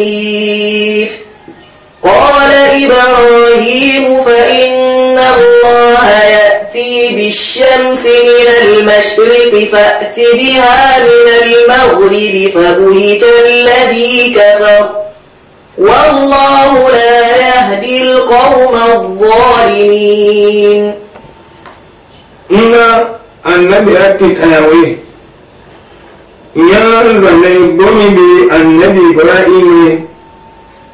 الحميد قال إبراهيم فإن الله يأتي بالشمس من المشرق فأت بها من المغرب فبهت الذي كفر والله لا يهدي القوم الظالمين إن أن لم يأتي تناويه ya zane gomi bi annabi ibrahim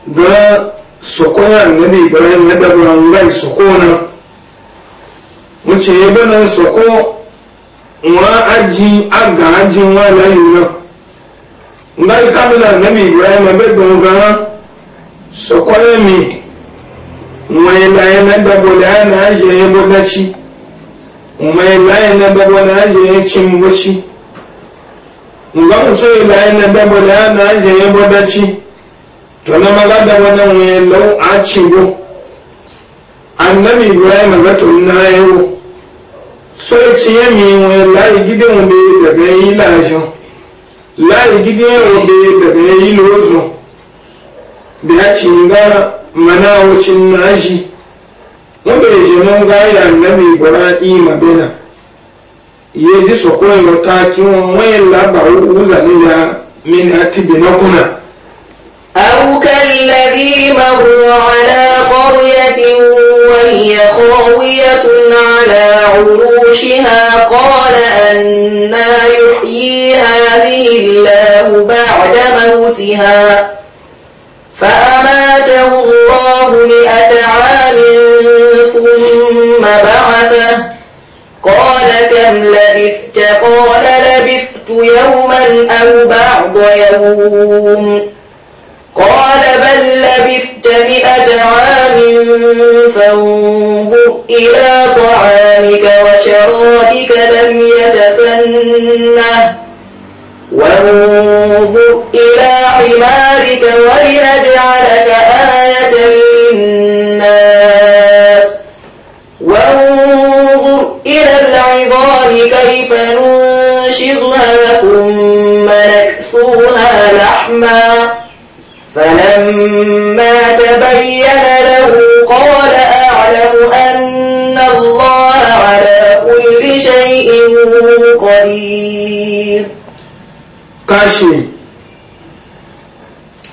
ga sokona annabi ibrahim na dabran rai sokona wuce ya bana soko wa aji aga aji wa layu na ngai kamila annabi ibrahim be gonga sokoya mi mai laye na dabo da na aje ya bogaci mai laye na dabo na aje ya cin wuci nga mutu ila ina dabo da yana aje ya gwadaci to na maga da wani wuye lau a cigo annabi ibrahim ga to na yawo so ya ci yami wuye layi gidan wanda ya daga yi lajin layi gidan wanda ya daga yi lozo da ya ci ga mana wucin naji wanda ya je mun ga ya annabi ibrahim bena iye ji sọ̀kọ́ ẹ̀rọ ta kí wọ́n wọ́n yẹn lábà wúzà nílẹ̀ mi ni a ti bìnà kùnà. àwùkà lẹ́bí máa wù ọ̀la kọ́rìyà tí wọ́n yẹ kọ́wíyà tó náà la عروشها قال ha يحيي هذه الله بعد موتها فأماته لم لبثت قال لبثت يوما أو بعض يوم قال بل لبثت مئة عام فانظر إلى طعامك وشرابك لم يتسنه وانظر إلى حمارك ولنجعلك آية كيف ننشرها ثم نكسوها لحما فلما تبين له قال أعلم أن الله على كل شيء قدير كاشي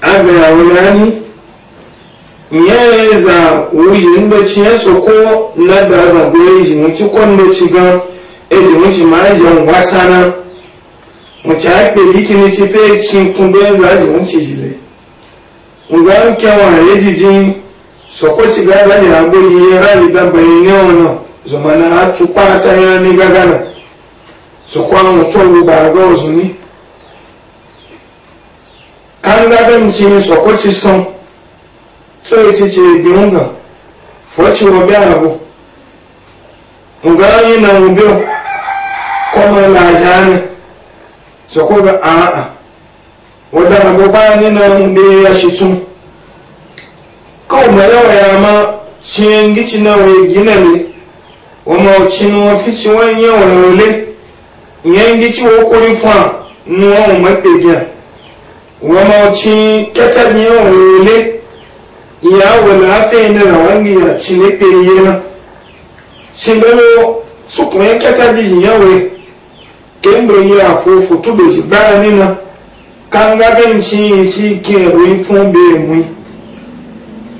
أبي أولاني nyɛɛ zaa wuli ŋun bɛ tiɲɛ soko na daa ci gan èdè wọn ṣì máa ń jẹun wá sáná wọn ti àpè kíkí ni ti fẹ́ ṣe kún bẹ́ẹ̀ láti wọn ṣe jìlẹ̀ ǹgbà ń kẹwọn àyè jíjí sọ̀kọ́ ti gbá láti àgbo yìí ráàlì gbàgbà ní ọ̀nà àtàyà ní àwọn tó ọ̀sùn ní. bẹ́ẹ̀ ti ní ti san tó ti ṣe ìgbìmọ̀ fọ́ọ̀tì wọ̀ bí àràbọ̀ ǹgbà yìí nà ń kọ́mọ làjá ni sọ̀kọ́ bẹ àá wọ́n dára bó bá nínú ndé aṣetún ya ma ṣe ń náà lé ma ọ̀chí ni wọ́n fi ṣe wọ́n yẹ ọ̀rọ̀ lé ìyẹn ń gíci wọ́n kórí fún à ní wọ́n mọ̀ pèjì à wọ́n ma ọ̀chí kẹ́tẹ́ ní ọ̀rọ̀ lé ìyá wọ̀ láàfẹ́ náà làwọn ń lé pé iye náà ṣe bẹ́ẹ̀ lọ sókùnrin kẹ́tẹ́ bí ìyẹn kemgbe yi fufu tó bèjì gbára nínà kanga bẹ́ǹtì ìtì kẹrù fún bẹ́ẹ̀ mú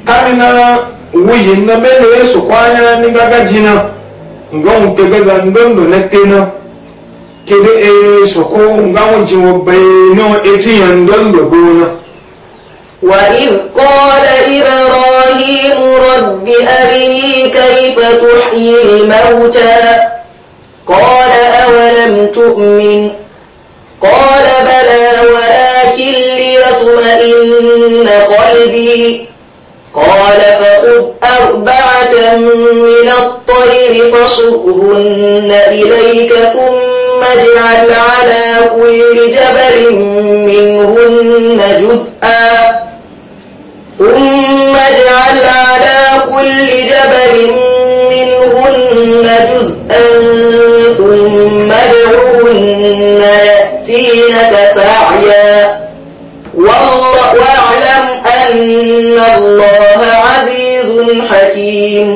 kámínà wuyi na bẹ́ẹ̀ lè sọ̀kọ́ gagajina ní gbága jìnnà ngáwọn pẹ̀gbẹ́gbà ndóńdó na pẹ́ẹ́nà kéde ee sọ̀kọ́ ngáwọn jìnnà bẹ́ẹ̀ náà etí وإذ قال إبراهيم رب أرني كيف تحيي الموتى قال أولم تؤمن قال بلى ولكن ليطمئن قلبي قال فخذ أربعة من الطير فصرهن إليك ثم اجعل على كل جبل منهن جزءا ثم اجعل على كل جبل منهن جزءا ثم ادعوهن يأتينك سعيا واعلم أن الله عزيز حكيم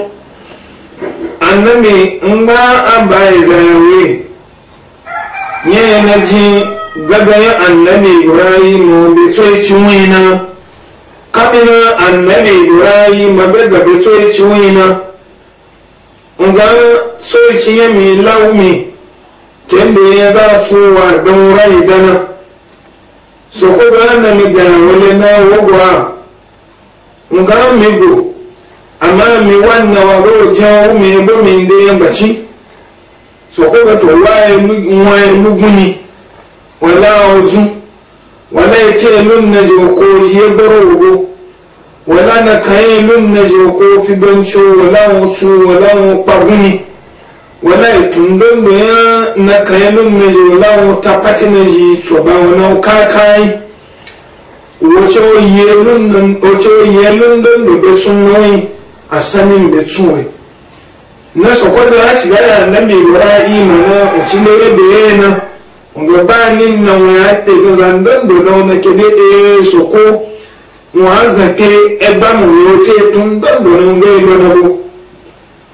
annabi in ba a bai zayawe yin na ji gagayen annabi ibrahim bai tsoye ciwina kamina annabi ibrahim bai ciwina nga so icinye mi laumi kembe ya ba fuwa don rai dana so ko ga na mi ga wale na wogwa nga mi go amma mi wanna wa go jawu mi bo mi nde ya bachi so e e e ko ga to waye waye luguni wala ozu wala ce lun na je ko je boro go wala na kayan lun kofi banco wala wucu wala kpaguni wala itun don doya na kayan lun na je wala wuta pati na je coba wala kakai wace oye lun don dobe sun noyi a sanin da tuwai na sokwa da shiga da annabi na na na wọ́n zàn kiri ẹgbà mú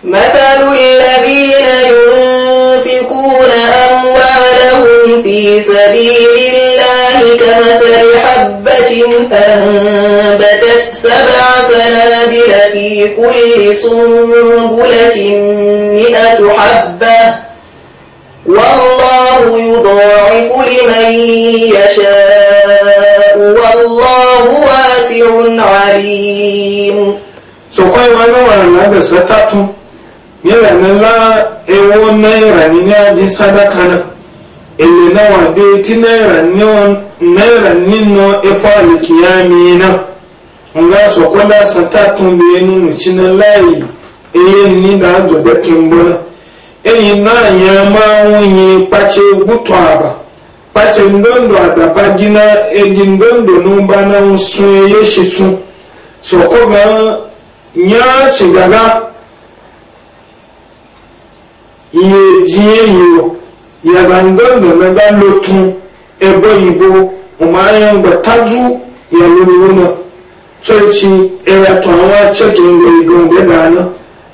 مثل الذين ينفقون أموالهم في سبيل الله كمثل حبة أنبتت سبع سنابل في كل سنبلة مئة حبة والله يضاعف لمن يشاء samirun alim so kwai wani wani na da satatu ne da na la ewo na irani ne a ji sadaka na ele na wade ti e na irani na irani no efo alikiyami na nga so kwa la satatu ne enu nuchi na lai ele ni da ajo da kimbola eyi na e yama unyi pache gutu abaa pàtẹ ndondo àtàpá gíná egi ndondo ní ba na nsú yé ṣètú sọkọ gan nyá tìgaga iye díẹ̀ yìí o yàrá ndondo ní bá lótú ẹbọ yìbò ọmọ ayé ń gbàtájú yàrá ònìwó náà tó ti ẹ̀rọ tó àwọn akyẹ́kẹ́ ń lè gan ọ̀bẹ dáná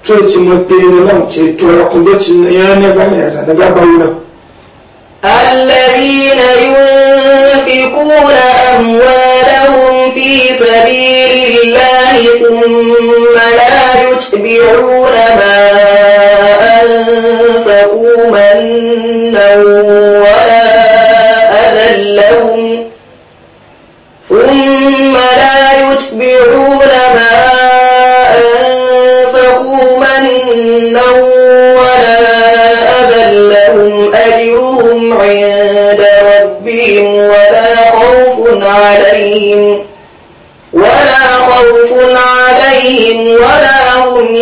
tó ti mọ pé ẹni na ti tó ẹkùn bẹ́ẹ̀ ti yẹn ní الذين ينفقون أموالهم في سبيل الله ثم لا يتبعون ما أنفقوا منا ولا أذى لهم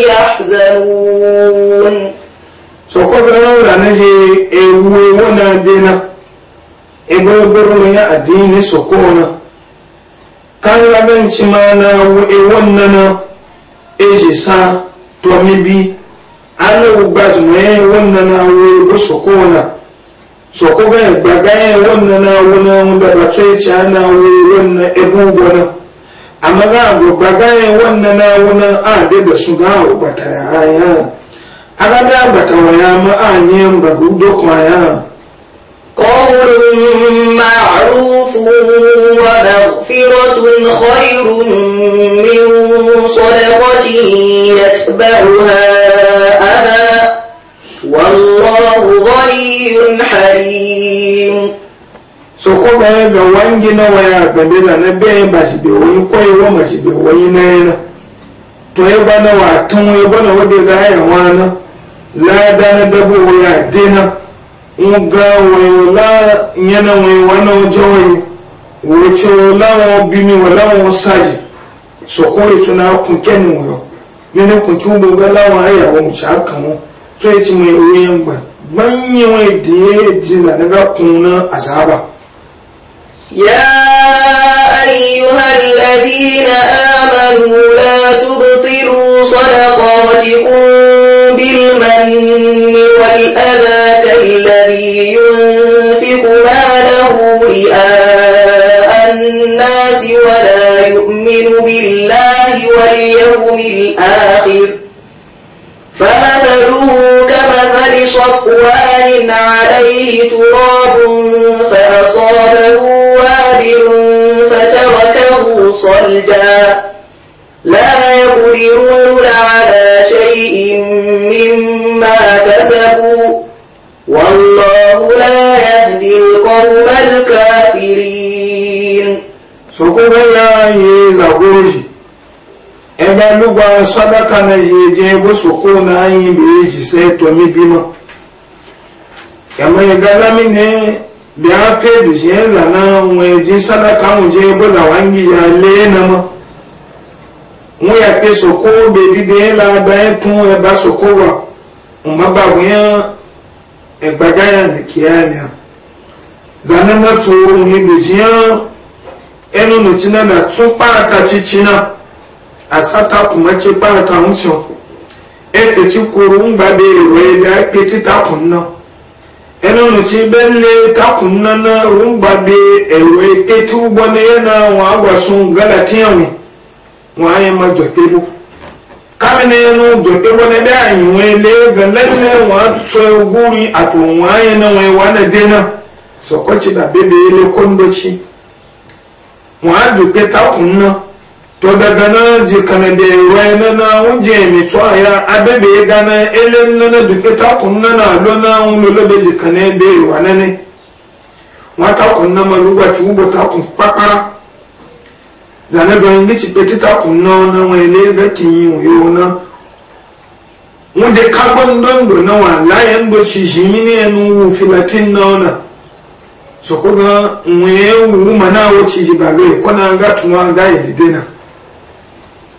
يحزنون sokobra wura na je ewu ewu na dina ebe obere ya adini sokona kanga benci ma na ewu nana eji sa tomibi ana sokoga na baba tsoye na ewu na amma za a gwagbagayen wannan nawunan a da da su ga bata yaya a ga da bata waya ma a niyan ba gudu kwaya قول معروف ومغفرة خير من صدقة يتبعها أذى والله غني حليم so ko ga ya ga wangi na waya ga da na be ba shi be wani koyi wa ma shi be wani na yana to ya ba na wa tun ya ba na wade ga ya wana la da na da bo ya dina in ga wa la yana wa la wa ya tuna kun kenin wo ne ne ga la wa ya wa ya ci mai ba banyewa da ya ji na يا أيها الذين آمنوا لا تبطلوا صدقاتكم بالمن والأذى كالذي ينفق ماله رئاء الناس ولا يؤمن بالله واليوم الآخر فمثله كمثل صفوان عليه تراب فأصابه قادر فتركه صلدا لا يقدرون على شيء مما كسبوا والله لا يهدي القوم الكافرين سكوب الله يزغوجي ẹgbẹ́ lúgbà sọ́dọ́ta na yìí jẹ́ bó sòkó náà yìí méjì sẹ́ẹ̀tọ́ mi bímọ ẹ̀mọ́ ìgbàlámi ní bi fe bi se n zana wani ji sadaka wọn je bola wa n yiya le na ma wọn ya pe soko be dide la ba ẹ tún ẹ ba soko wa wọn ma ba fún yẹn ẹgbàgá yẹn ní kíá ni a zana ma tó wọn ni bi se yẹn ẹnu nu tina na tun parata titi na asata kuma ti parata ń sọ ẹ fetí koro ń gbà bẹ èrò ẹ bí a pe títa kùn náà. ẹnu ti bẹ́ẹ̀lẹ̀ takùn nana rúgbàdé ẹ̀wẹ̀ etí na yẹn náà wọ́n agbàsùn gálàtíyàn wọn wọ́n ma jọ̀pé bó kámínà yẹn náà jọ̀pé gbọ́nà dẹ́ àyìnwó ilé gànlẹ́lẹ́ wọ́n atọ́ ogúnrin àtò wọ́n ayé náà wọ́n wà na dé náà sọ̀kọ́ ti dà to daga na jikana da wai na na wuje mi tsuwa ya adabe ya gana ilin na na duke takun na na lo na wulolo da jikana da yi wa ne wata takun na maluba ci wubo takun kpakpara zane zan gici peti takun na na wai le ga kinyi wuyo na wunde kagbon dondo na wa layan bo shi shi mini yanu wufi filatin na ona so ko ga nwunye wu mana wuci ba bai kwana ga tuwa ga yi dena.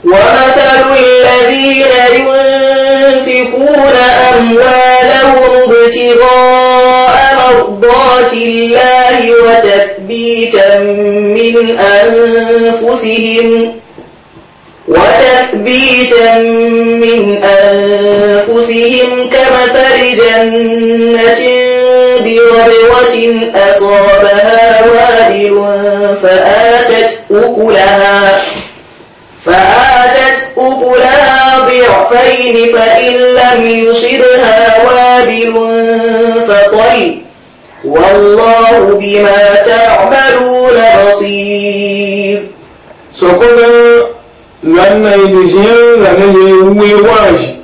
ومثل الذين ينفقون أموالهم ابتغاء مرضات الله وتثبيتا من أنفسهم وتثبيتا من أنفسهم كمثل جنة بربوة أصابها وابل فآتت أكلها فعادت أكلها ضعفين فإن لم يصبها وابل فطل والله بما تعملون بصير سكنا لما يجيزين لما يوي واجي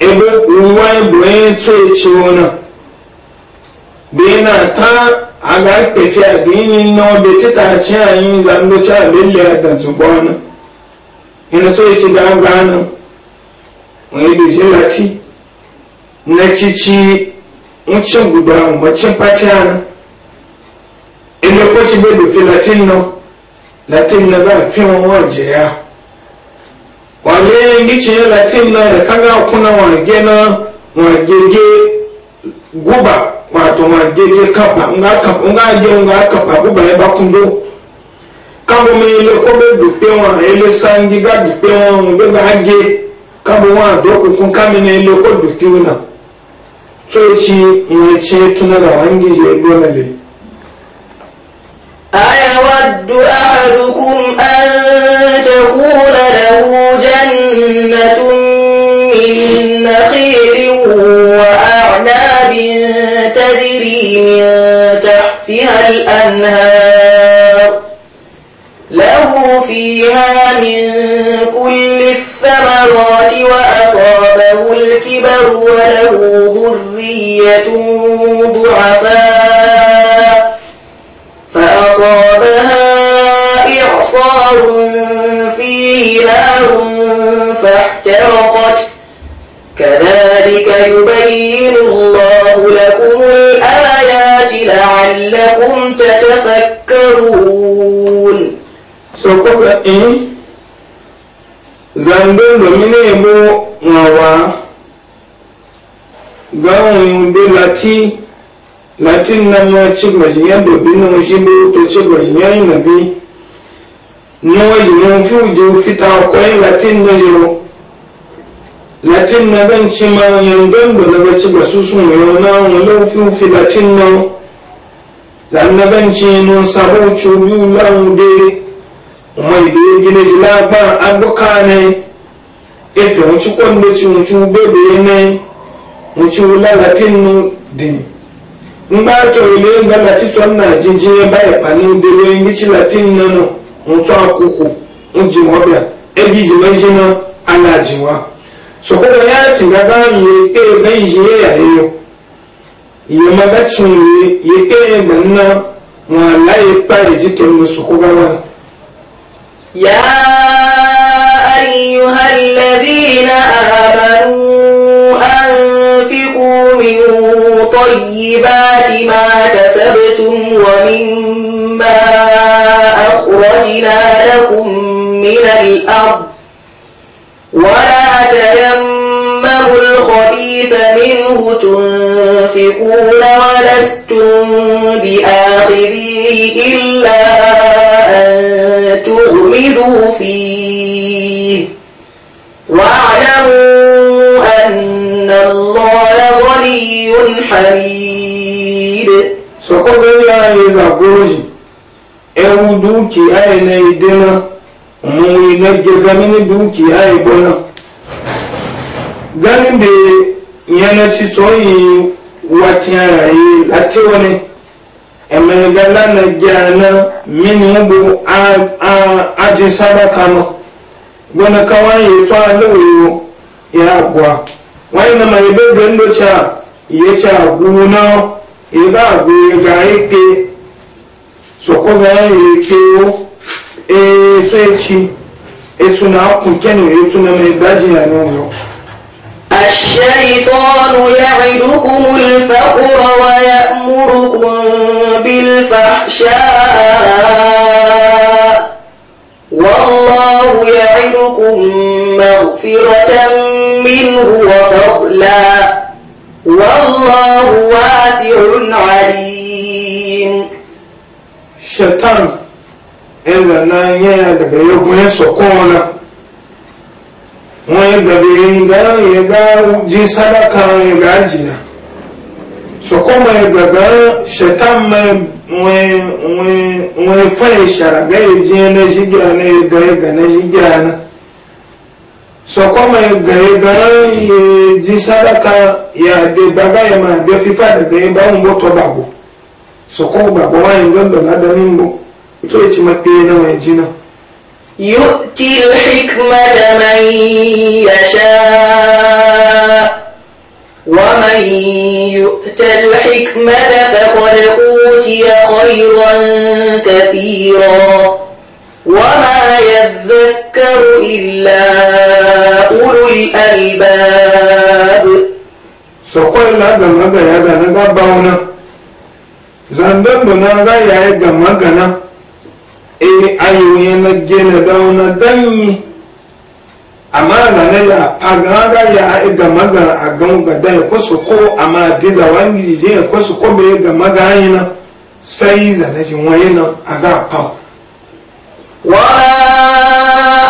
ebe ruwa ibu ya tso ya ce wani bai na ta aga kefe addini na obe tita ci anyi zando ci abele da tubona ina so yace da gana wani da shi lati na cici mucin guda mucin fatiana ina ko ci bai dufi latin no latin na ba fi wọn waje ya wale gici ne latin na da kaga kuna wa wage wa wagege guba wato wagege kapa nga je nga kapa buba ye bakundo kabo me ile ko be dupe wa ile sangi ga dupe wa be ga ge kabo wa do ko kun kami ne ile ko dupe una so ci mu ce tuna da wangi je dole le ayawaddu ahadukum an من كل الثمرات وأصابه الكبر وله ذرية ضعفاء فأصابها إعصار فيه نار فاحترقت كذلك يبين الله لكم الآيات لعلكم تتفكرون So, Cobra A zandondo mine ebo nwawa gawon be lati latin na ma ci gbashi ya dobi na wasu be to ci gbashi ya yi nabi na waje na fi uje fita kwayi latin na jiro latin na zan ci ma yan yandondo na ba ci gbasu sun yau na wani laufin fi fi latin na dan na zan ci nun sabo cubi de. wọn ìdí gíní jù lágbá agbọ́ká ni efe wọn tí kò ní tí wọn tí wọn bèbè ní wọn tí wọn ile tí nù dì na tó ilé ngbà láti tó nà jíjí bá latin dèrò ẹni tí akuku nànà wọn tó àkókò wọn jì wọn bíà ala jì e wọn jì náà aláàjì wa sọkọdọ yá sì gbàgbá yìí ké bẹ́ẹ̀ yìí yà yìí yìí magatsun yìí yìí ké gbà nà wọn àlàyé pa wa. يا أيها الذين آمنوا أنفقوا من طيبات ما كسبتم ومما أخرجنا لكم من الأرض ولا تيمموا الخبيث منه تنفقون ولستم بآخره إلا أن تغمدوا فيه واعلموا أن الله غني حميد سقط الله إذا قرشي ewu dukiya na idina mun na gaza mini dukiya ganin da yana soyi wacin rayu lati wani emegala na gyana mini bu aji sadaka no gbona ka ala to alewo ya gwa wani na ma ibe ga ndo cha iye cha gwu na ibe agwu ga ike soko ga ike o e so echi etu na akun kenu etu na mai daji ya n'ụlọ. الشيطان يعدكم الفقر ويأمركم بالفحشاء والله يعدكم مغفرة منه وفضلا والله واسع عليم شيطان إلا أن wọ́n yẹ gbẹ̀bẹ̀ ìgbà yẹ gbà jí sábàkà yẹ gbà jìnà sọkọ́mọ yẹ gbẹ̀gbẹ̀ ṣẹ̀tàmọ wọ́n fẹ́ ìṣàràgbẹ́ yẹ jí ẹnẹ́ sí gbìyà náà yẹ gbà yẹ gbà náà sí gbìyà náà sọkọ́mọ yẹ gbà yẹ gbà yẹ jí sábàkà yẹ àdé bàbá yẹ máa dé fífà dàgbẹ́ yẹ bá wọn bọ́ tọ́ bàbọ̀ sọkọ́ gbàgbọ́ wọn yẹ gbẹ̀gbẹ̀ ládàá nínú tó yẹ يؤتي الحكمة من يشاء ومن يؤت الحكمة فقد أوتي خيرا كثيرا وما يذكر إلا أولو الألباب سقول لنا ما بيا زنا بابونا زنا بنا غيا يغمغنا e ayoyi na gina dauna danyi amma zane ya agaga ya e ga maga a ganga da ya kwasu ko amma diza wani je ya kwasu ko bai ga maga yi na sai zane jin waye na a ga kawo wala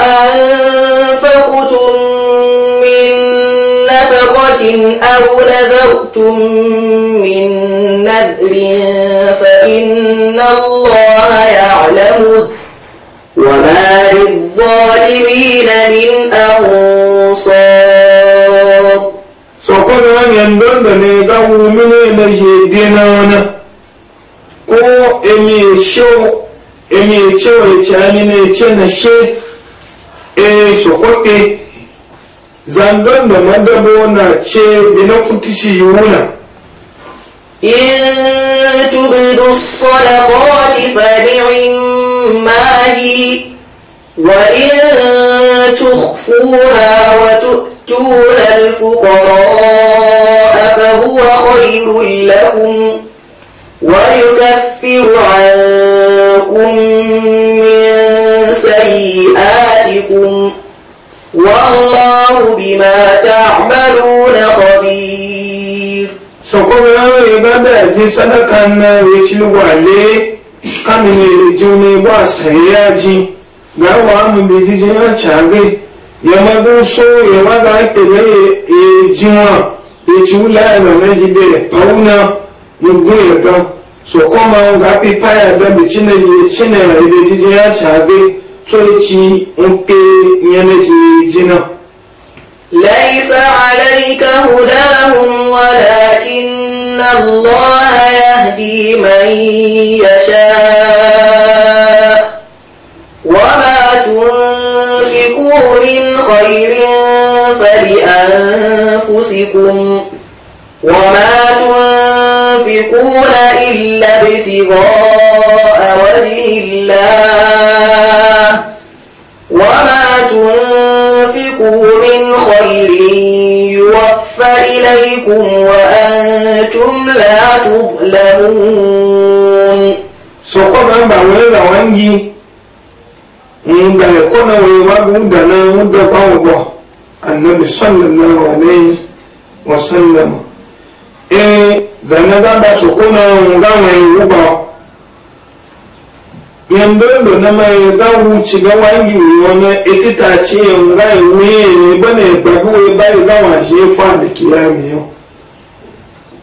an faƙutun أو نذرتم من نذر فإن الله يعلمه وما للظالمين من أنصار سوكونا يندون بنيدا ومني نجدنا ko emi show emi show e chani ne chen she e zandon da mandabo na ce mina kutici yuna in tubdu sadaqati fani'immahi wa in tukhfuha wa tu'tuna al-fuqara fa huwa khayrun lakum wa yukaffiru 'ankum min sayyi'atikum والله بما تعملون خبير سوكونا يبدا دي صدقه ما يتلوالي kamini juni ba sayaji ga wa mu bi jijin a chage ya magu so ya waga ake da ya jiwa ya ci wula ya na mai jibe ya fauna ya goya ga so kuma ga pipa ya da bi cina ya cina ya bi jijin a chage تونيتي أمبي جنا ليس عليك هداهم ولكن الله يهدي من يشاء وما تنفقوا من خير فلأنفسكم وما تنفقون إلا ابتغاء من خير يوفى إليكم وأنتم لا تظلمون سوكونا بعوين لوانجي ونبقى يكونا ويوانجون دانا ونبقى بعوضة النبي صلى الله عليه وسلم إيه زنادا بسوكونا ونبقى يوانجون yandolo na mai gawu ci ga wangi wani itita ce nga iwe ne bane bagu we bari gawa je fa da kiyami yo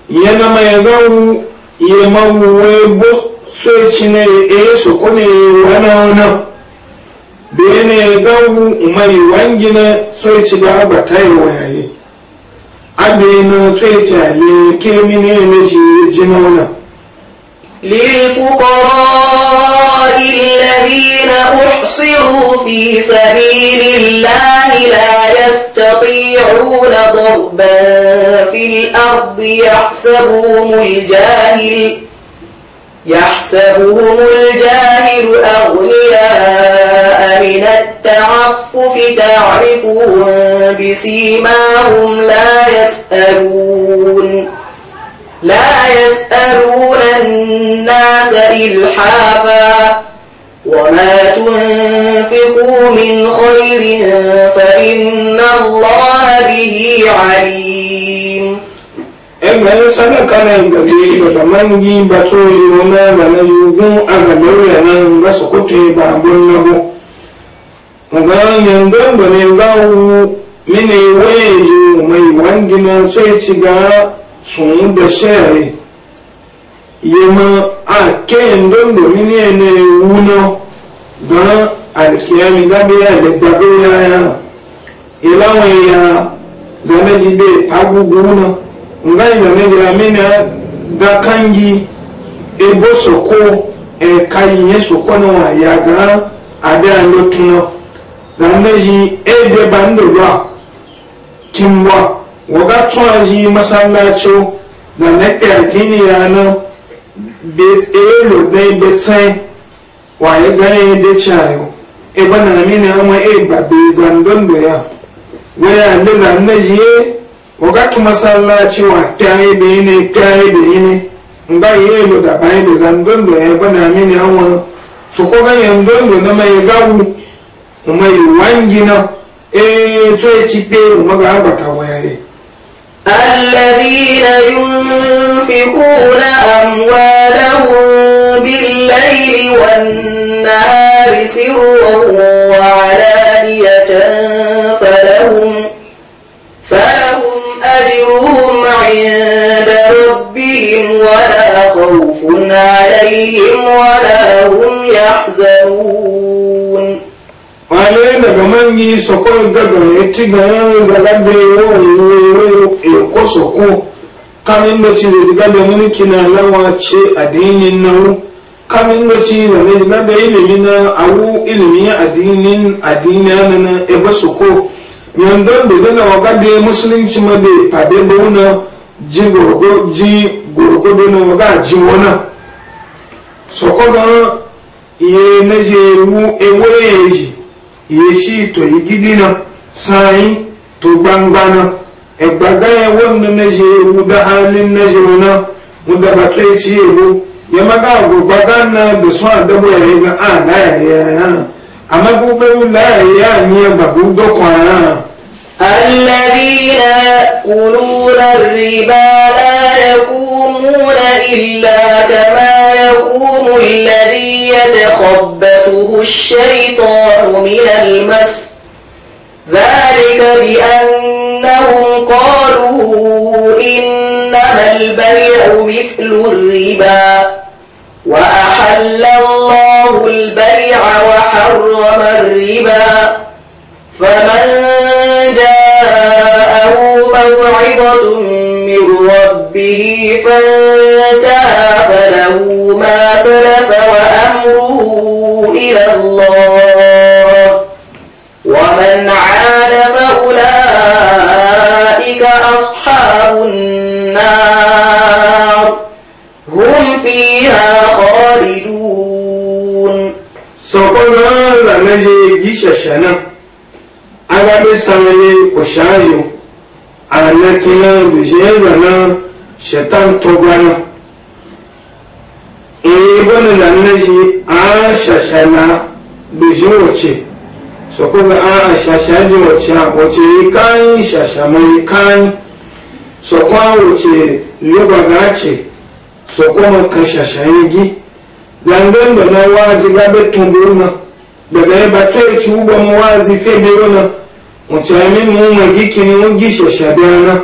ye na mai gawu ya mawu we bo so ci ne e so ko ne wana wana be ne gawu mai wangi na so ci ga ba tai waye abe na so ci ale kirmi ne ne ji jina wana للفقراء الذين أحصروا في سبيل الله لا يستطيعون ضربا في الأرض يحسبهم الجاهل يحسبهم الجاهل أغنياء من التعفف تعرفهم بسيماهم لا يسألون لا يسألون الناس إلحافا وما تنفقوا من خير فإن الله به عليم ẹgbẹ́ ló sábà kalẹ̀ ìgbàgbé ìgbàgbà máa ń yí ìgbà yi yíwọ náà gbàgbà yóògùn àgbàgbà orí ẹ̀ náà ń gbàsókòtò ìgbà àgbónáwó ọ̀gá yẹ̀ǹgbẹ́ ìgbàgbà ìgbà wo nínú ìwé èyí ọmọ ìwà ń gbiná tó ti gbà sùn dẹ̀ṣẹ́ rẹ̀. yema a kẹ́yìn dondo mi ní ẹni ewu náà gan alikiyami gábẹ́ àlẹ́gbà lórí ara ìláwọn ẹ̀yà zanẹ́jì bẹ́ agbègbè náà nga ìyàn méjì amínà gakangi ebo sọ̀kọ́ ẹ̀ka ìyẹn sọ̀kọ́ náà wà yà gan adé alótún zanẹ́jì ẹ̀ẹ́dẹ́ bá ń dòdò à kí n wà wọ́n ká tún àyè náà. elo dai betsai waye ganye da cayo e bana mina ma e ba be zandon do ya waya ne yi zanne je ogatu masallaci wa tayi yi ne tayi yi ne nga yelo da yi be zandon dondo ya bana mina awon so ko ganye dondo na mai gawu mai wangina e to e ma tipe agbata abata wayare الذين ينفقون أموالهم بالليل والنهار سرا وعلانية فلهم, فلهم أجرهم عند ربهم ولا خوف عليهم ولا هم يحزنون علينا كمان يسكون قدر يتجاهز لبيه ويويه soko kamin da ci zai ga domin kina lawa ce addinin nan kamin da ci zai ga da ilimi na awu ilimi addinin addinin na e ba soko yan don da gana wa gabe musulunci ma bai fade ba wuna ji gorgo na waga ji wana soko ga iye na je mu ewe yeji iye shi to yi gidi na sai to na. egbaga ya wonna na je mu da halin na je na mu da ba sai ci mu ya maga go gbaga na da so an da boye ga a na ya ya ya amma go be la ya ni ya ba go do ko ya الذين يأكلون الربا لا يقومون إلا كما يقوم الذي يتخبطه الشيطان من المس ذلك بأنهم قالوا إنما البيع مثل الربا وأحل الله البيع وحرم الربا فمن جاءه موعظة من ربه فانتهى فله ما سلف وأمره إلى الله النار هم فيها خالدون سقنا لنهي جيش الشنم على بسمي قشايو على كنا بجيزنا شيطان توبانا ibn da naji a shashana biji wace su kuma a shashaji wace wace yi yi shashamai kayan sokwa wuce lubana ce sokwa maka shashayin gi zangon da na wazi gabe tungurna daga yaba tsaye ci uba mu wazi febiro na mutane mu magi kini mun gi shashabiana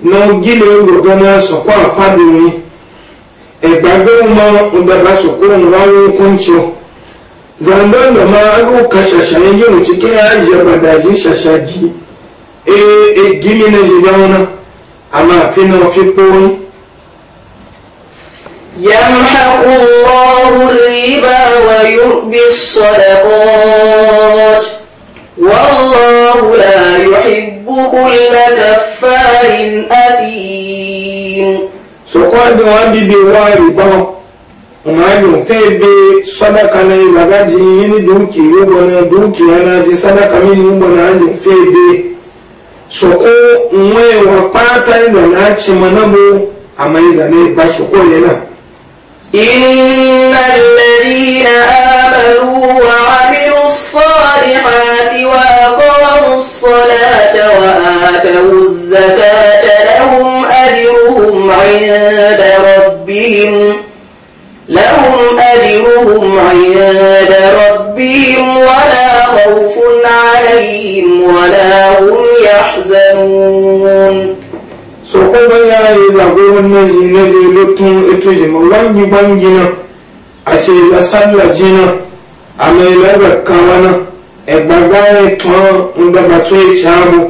na gile gogo na sokwa fadi ni egbago ma udaba sokwa mu wawo kuncho zangon da ma alu ka shashayin gi mu cikin ajiyar badajin shashagi e, e gini na jidauna أما náà في kóyún. يمحق الله الربا ويربي الصدقات والله لا يحب كل كفار أثيم سقوط وابي بواري بابا وما ينفي بصدقة لغاجي يني دوكي يبنى دوكي أنا جي صدقة من يبنى عندي في بي soko oh, mwe wa pata iza na chima nabo ama iza ne ba soko yana إن الذين آمنوا وعملوا الصالحات وأقاموا الصلاة وآتوا الزكاة لهم أجرهم عند ربهم لهم أجرهم عند ربهم ولا خوف عليهم ولا يحزنون سوكوبا يا إلا قوم نجي نجي لطن إتوجي مغانجي بانجينا أشي لسالة جينا أما إلا ذكرنا ẹgbàgbá ẹtàn ńgbàgbà tó ẹkì ààbò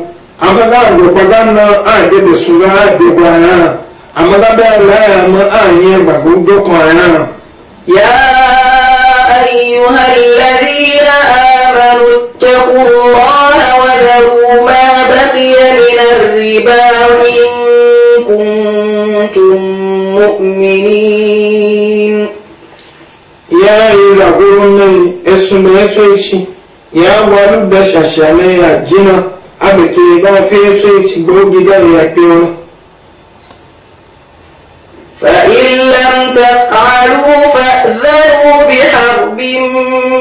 amagá àgbẹ̀gbàgbà náà àdébẹ̀ sùgbà àdébẹ̀ àyà amagábẹ̀ àlàyé àmọ́ àyè ẹgbàgbọ́ gbọ́kàn àyà. yàrá أيها الذين آمنوا اتقوا الله وذروا ما بقي من الربا إن كنتم مؤمنين يا إذا قلنا اسمه تويتي يا ورد ششالي يا جنا أبكي غافية تويتي بوجي داري يا فإن لم تفعلوا فأذنوا بحرب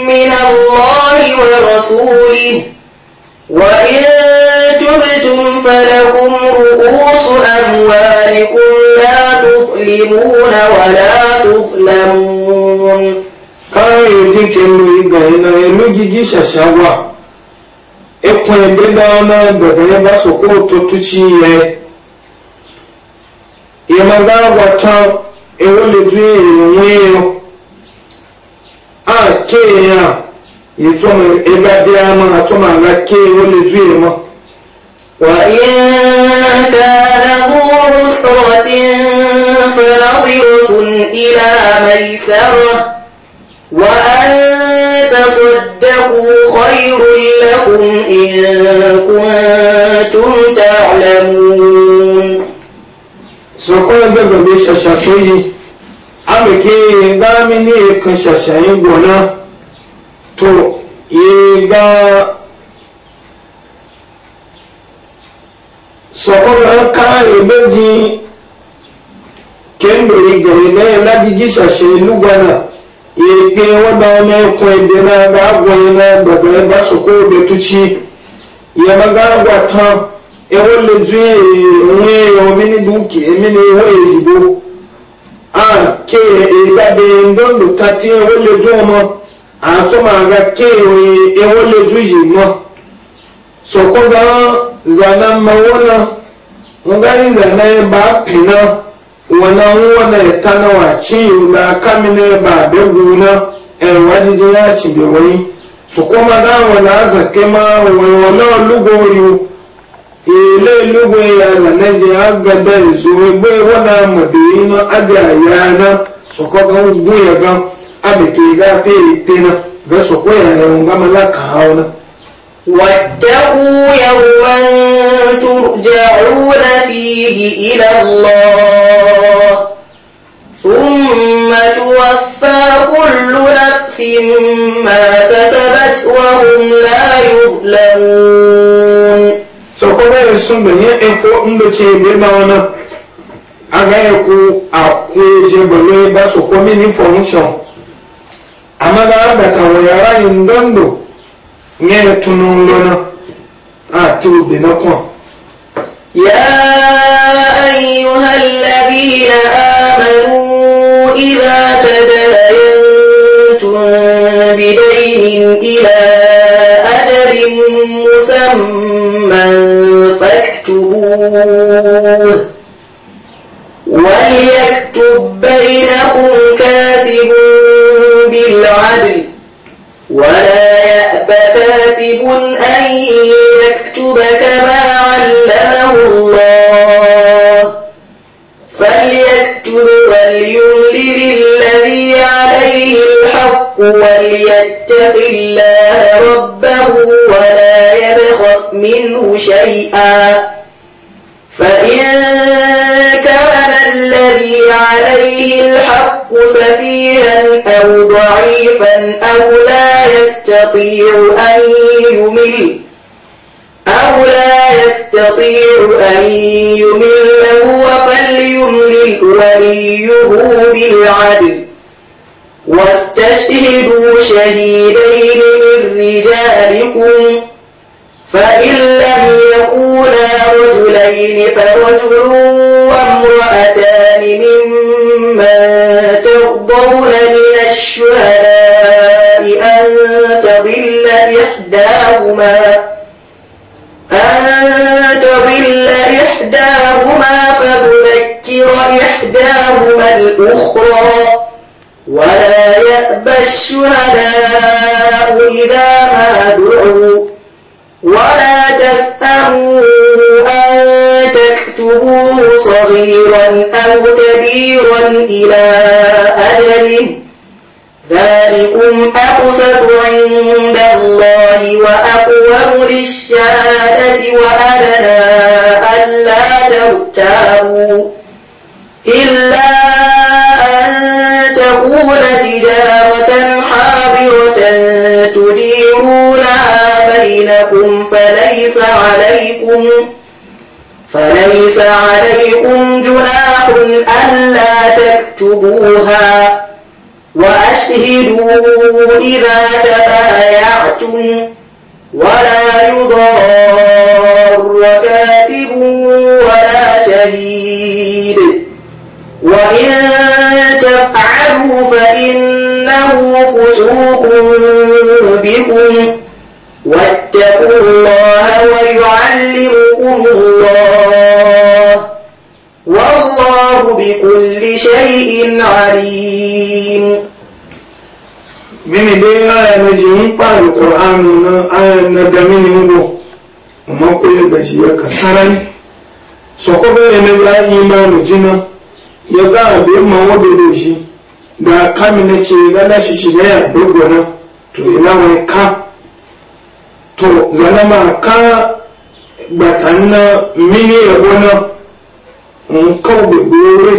من الله ورسوله وإن تبتم فلكم رؤوس أموالكم لا تظلمون ولا تظلمون kawai yanzu ke nuni ga yana ya lugigi shashawa ikon ya bi dama daga ya ba su ko tutuci ya ìmọ̀gá wọ̀tọ́ ewúlẹ̀dú ìrìnwéyọ àké èèyàn ìtumọ̀ ìgbàdé àmọ́ àtúmọ̀ àná ké ewúlẹ̀dú ìmọ̀. وإن كان ذو عسرة فنظرة إلى ميسرة وأن تصدقوا خير لكم إن كنتم sọ̀kọ́ gbẹ̀gbẹ̀ bí ṣàṣà tó yí àbẹ̀kí bá mi ní ẹ̀kan ṣàṣà yín bọ̀ náà tó ìgbà sọ̀kọ́ máa ká ìbejì kẹ́ńdò ìgbẹ̀rẹ̀ náà ládìjí ṣàṣà ìlúgbọ̀nà ìpín wọ́n bá ọmọ ẹ̀kọ́ ẹ̀dẹ̀ náà gbàgbọ́ yín náà gbàgbọ́ ẹ̀ bá tó ṣí bá gbàgbọ́ tán. ewo le zuye onwe yo mini buki a ke e ga be ndondo tati ewo le zuye mo a to ma ga ke ewo le zuye mo so zana mawona ngari zana e ba apina wana wana etana wa chi na kamine ba e ya chi be wori so ma ga wana azake ma wo na lugo yo ile lugu ya zane je aga da isu gbe wana mabi ina aga ya na soko ga ugu ya ga abete ga fe itena ga soko ya ya nga malaka hauna واتقوا يوما ترجعون فيه إلى الله ثم توفى كل نفس ما كسبت وهم لا يظلمون yi sun banyi efo ndo ce me ma a aga ya ku akwe je bolo ba su ko mi ni amma ga ba ta wa yara yin dondo ne tunun lona a ti obi na kon ya ayyuhal ladina amanu idza tadayantum bidayn ila ajalin وليكتب بينهم كاتب بالعدل ولا يأب كاتب أن يكتب كما علمه الله فليكتب وليملل الذي عليه الحق وليتق الله ربه ولا يبخس منه شيئا فإن كان الذي عليه الحق سفيها أو ضعيفا أو لا يستطيع أن يمل أو لا يستطيع أن يمل هو فليملل وليه بالعدل واستشهدوا شهيدين من رجالكم فإن لم الرجلين فرجل وامرأتان ممن ترضون من الشهداء أن تضل إحداهما أن تضل إحداهما فتذكر إحداهما الأخرى ولا يأبى الشهداء إذا ما دعوا ولا تستعون أن تكتبوه صغيرا أو كبيرا إلى أجله ذلكم أقسط عند الله وأقوم للشهادة وأدنى ألا ترتابوا إلا عليكم فليس عليكم جناح ألا تكتبوها وأشهدوا إذا تبايعتم ولا يضار كاتب ولا شهيد وإن تفعلوا فإنه فسوق بكم فاتقوا الله ويعلمكم الله والله بكل شيء عليم mini dai aya na ji mun fara qur'ani na aya na da mini ngo amma ko ya gaji ya kasaran so ko ga ne ya imanu jina ya ga be ma wabe da shi da kamina ce ga na shi shi ne ya dogona to ina wani ka to zanama ka gbatanna mini yabona nkaw be gore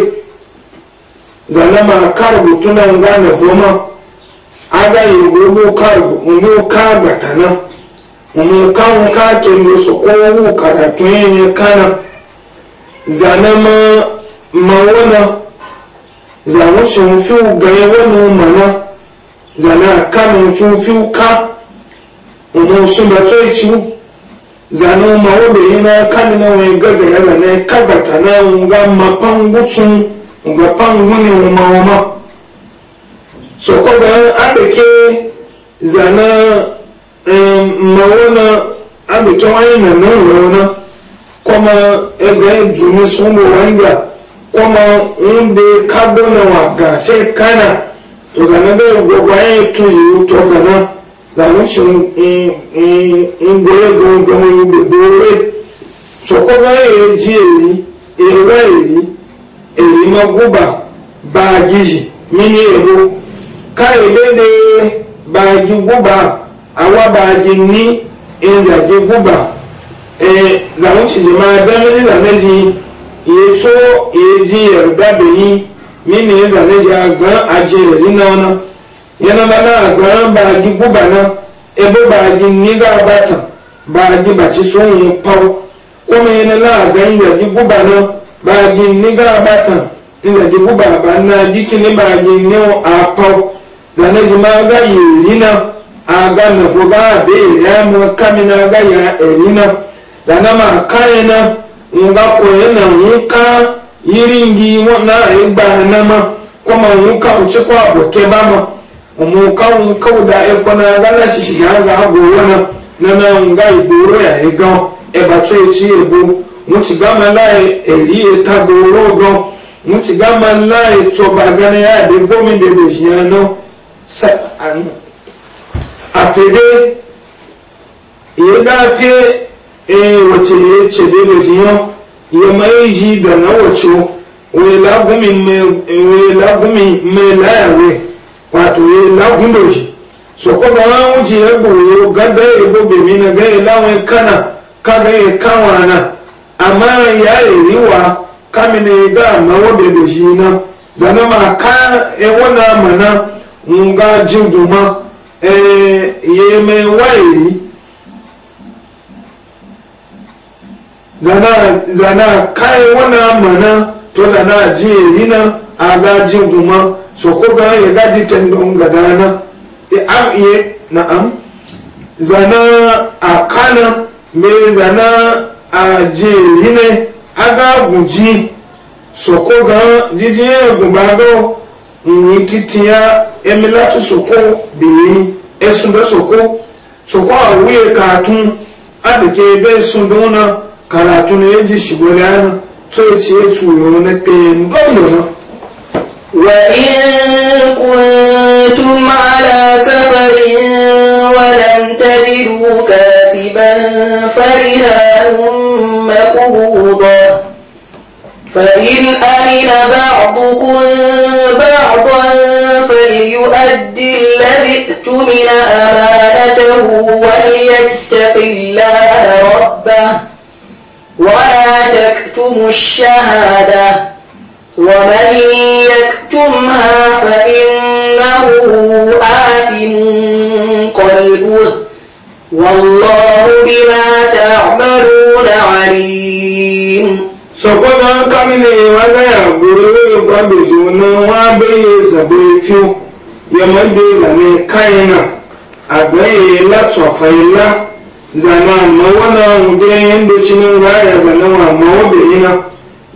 zanama ka rubutuna nga na voma aga yego mu ka mu ka gbatana mu ka mu ka kendo so ko wu karatu yin kana zanama mawana zanwo shun fi gbe wonu mana zana kanu shun fi ka umu sumba tsoyici zanu mawobe yana kani na wani gaga yana na kabata na nga mapangutun nga panguni uma uma so koga abeke zana mawona abeke wani na nuna kuma ebe jumi sumbo wanga kuma wunde kabona waga ce kana to zana bai gwagwaye tuyi to gana galation ingoye gangan ibebe ore sokoba eye ji eyi ewa eyi eyi maguba baagiji mini ebo ka ebede baagi guba awa baagi ni ezagi guba zàmúchìjì máa dẹ́mílì lànẹ́jì ètò èdè mini mímì ìlànẹ́jì àgbọ̀n ajé ẹ̀rí náà náà yana bana alquran baagi gubana ebo baagi niga bata baagi baci sun pao kuma yana la ga yaji gubana baagi niga bata ina guba ba na ji kini baagi ne a pau da na ji ma ga yirina a ga na fo ga be ya mu kamina ga ya erina da na ma na nga koyana wuka yiringi na igba na ma kuma nka uci kwa ba ma ọmọ káwọn káwọn da ẹfọ náà gálàsì ga àgbà àgbòwò na na nga ìgboro yà é gan ẹ̀bà tó etí ègbò mo ti gbá máa láì gan mo ti gbá máa láì tọba gan yà dé gómìnà lòyìn àná àfẹ́dé èyí dáfẹ́ wọ̀tí ètsèdè lòyìn yàn yẹ máa ń yí wato yi lagun da shi so ko ba wa wuce ya goyo gada ya gobe mina ga ya lawon kana kaga ya kawa amma ya yi riwa kami ne ga ma wabe da shi na da na ma ka e wana mana nga jin duma e eh, ye me wayi zana zana kai wana mana to zana ji rina aga jin duma so ko ga ya gaji tendon ga dana e am iye na am zana a kana me zana a je yine aga guji so ko ga jijin ya gumbago ni titiya emilatu soko bini esun da soko soko a wuye katun adake bai sun dona karatu ne ya ji shigo lana so ya ce ya tuyo na tendon yana وإن كنتم على سفر ولم تجدوا كاتبا فرهان مقبوضة فإن أمن بعضكم بعضا فليؤدي الذي اؤتمن أمانته وليتق الله ربه ولا تكتموا الشهاده ومن يكتمها فإنه آثم قلبه والله بما تعملون عليم sọ̀kọ́dọ̀ ya wáyà gbòòrò yorùbá bèjì ọ̀nà wọn abẹ́yẹ ìzàbẹ̀ fíò yọmọdé ìlànà káyínà àgbẹ̀yẹ látọ̀fà ilá zànà àmọ́wọ́nà ọ̀hún dé ẹ̀yẹ́ ń dojú ní wáyà zànà àmọ́wọ́ bèyí náà.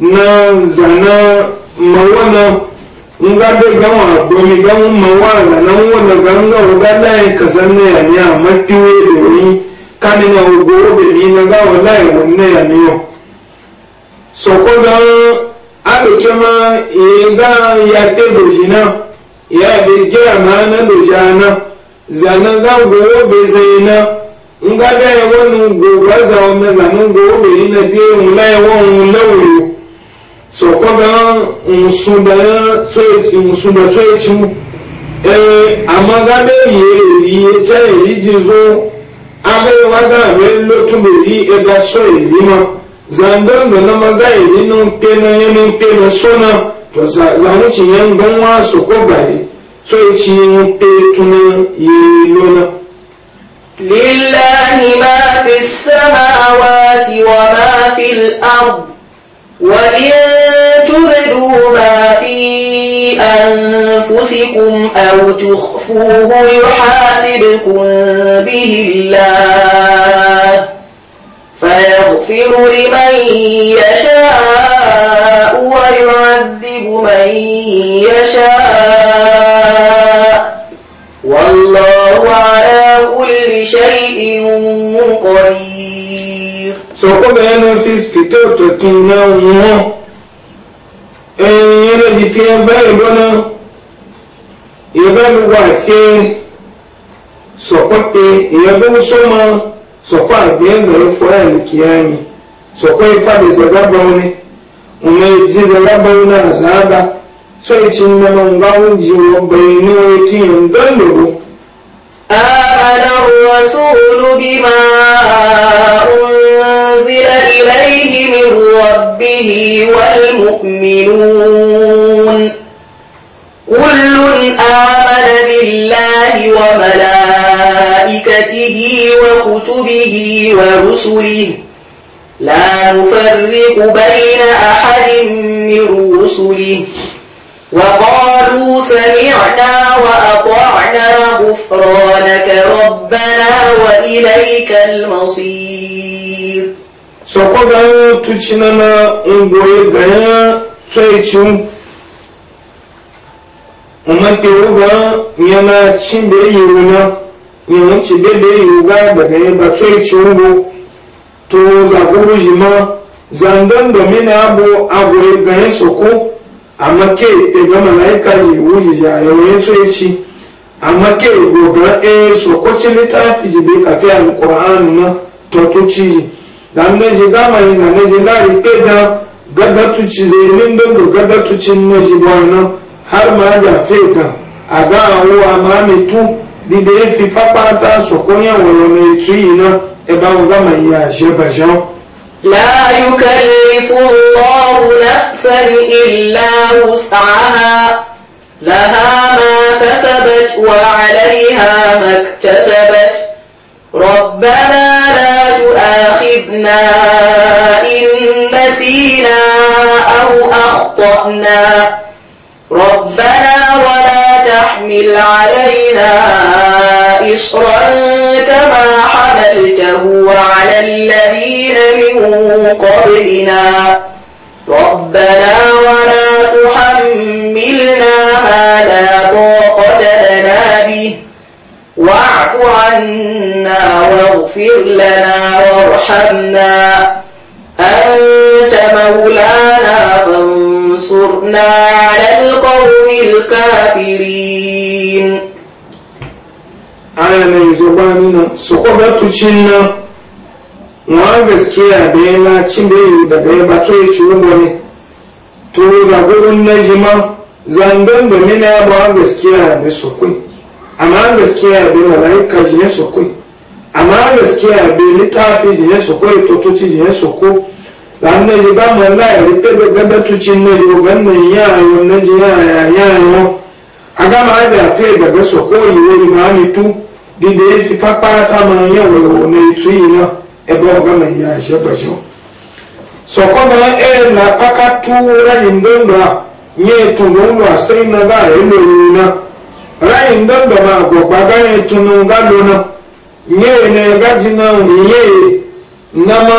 na zana mawana in ga bai gama domin gan mawa zana wana ganga waga laye kasan na ya ne a makiwe domin kani na ogoro da ni na gawa laye wanne ya ne yau so ko ga adoke ma e ga ya te doji na ya be ge ma na doji ana zana ga ogoro be zai e na in ga da ya wani gogo za zana ogoro be na te mu laye wani lauyo sokoda nsunda tsoetsi nsunda tsoetsi ee amagabe ye eri etsa eri dzizo abe waga abe lotumbe eri ega so eri ma zandondo na maga eri no mpena ye ne mpena so na to zanutsi ye ndonwa sokoba ye tsoetsi mpe tuna ye lona. لله ما في السماوات وما في الأرض وإن تبدوا ما في أنفسكم أو تخفوه يحاسبكم به الله فيغفر لمن يشاء ويعذب من يشاء والله على كل شيء قدير سوكم في فتوة كنا ji tiɲɛ bɛɛ lona ìyẹ́bẹ́ mi wà ké sọ̀kọ́ pé ìyẹ́bẹ́ mi sọ́mọ sọ̀kọ́ àgbẹ̀ lọ́rọ́ fọ́ra ìkíyà mi sọ̀kọ́ ifá mi zẹ̀gá bọ́ọ̀ ni òun ẹ̀ jí zẹ̀gá bọ́ọ̀ náà sáábà sọ́yìn ń nà ń bá ń jí wọ́n bẹ̀rẹ̀ ní ń dán آمن الرسول بما أنزل إليه من ربه والمؤمنون كل آمن بالله وملائكته وكتبه ورسله لا نفرق بين أحد من رسله وقالوا سمعنا وأطعنا غفرانك ربنا وإليك المصير سقطا تجننا انغوي ga تشيتشم umake wuga yana cin da yi yana ci da da daga ba tsoyi cin wungo to zagoro jima zangon da mina abu soko amma ke daga malaika ne wuji ya yawon so ya ci amma ke gobe e so ko littafi ji bai kafi alkur'anu na totuci dan ne ji gama yi zane ji gari pe da gaggatuci zai min dogo gaggatucin na ji har ma ya fe a ga awuwa ma mai tu di da ya fi fafata so ko yawon yawon tuyi na ebe awon gama yi a shebajan لا يكلف الله نفسا إلا وسعها لها ما كسبت وعليها ما اكتسبت ربنا لا تؤاخذنا إن نسينا أو أخطأنا ربنا ولا تحمل علينا إصرا كما حملته على الذين من قبلنا ربنا ولا تحملنا ما لا طاقة لنا به واعف عنا واغفر لنا وارحمنا أنت مولانا فانصرنا على القوم الكافرين aya na yanzu ba nuna su kwaga tucin na wani gaskiya da ya na cin da yi daga ya bato ya ci wanda ne to zagurin na jima zandon da nina ya ba gaskiya da su kwai amma gaskiya da malaika jine su kwai amma gaskiya da littafi jine su kwai to tuci jine su ko da an naji ba mu la ya rike da gaba tucin na yi wa gannan yayo na ji yayo agama aga fe daga sokoli wori mani tu dide fi kapa ta ma yan wo ne tu ina e bo ga ma ya je bajo soko ba e na kaka tu ra indonda nye tu ngondo asai na ga e lo na ra indonda ma go ba ga e tu no ga na nye ne ga jina ye na ma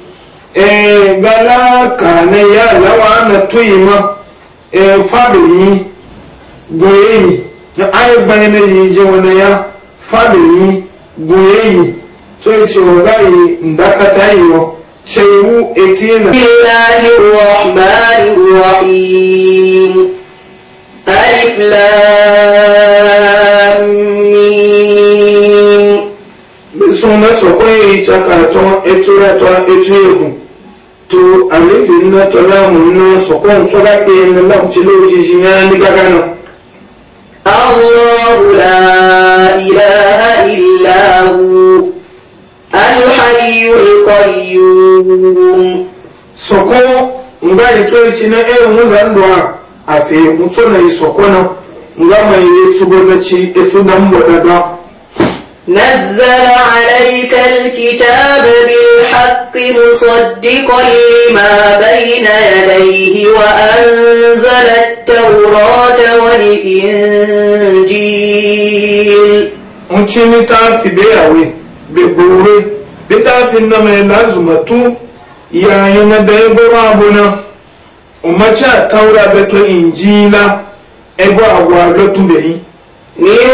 ee gala kane ya lawa na toyi ma ee fado yi goye yi na ayi bane na yi je wani ya fado yi goye yi so yi shoga yi ndakata yi wa shehu etina billahi rahmani rahim alif lam mim bisuna sokoyi chakaton etureton etu egun to alifi na tola munna sokon tsoga ke na lam tilo jiji ya ni gaga na Allahu la ilaha illa hu al-hayyul qayyum soko nga ni to ichi na e mu zando a afi mu to na isoko na nga mai tubo na ci etu dan bodaga نزل عليك الكتاب بالحق مصدقا لما بين يديه وأنزل التوراة والإنجيل Mutini ta fi beyawe, bebore, littafin na mai lazumatu yayin na da yabo abuna, umarci a taura beto injila, ebo agwa beto beyi. من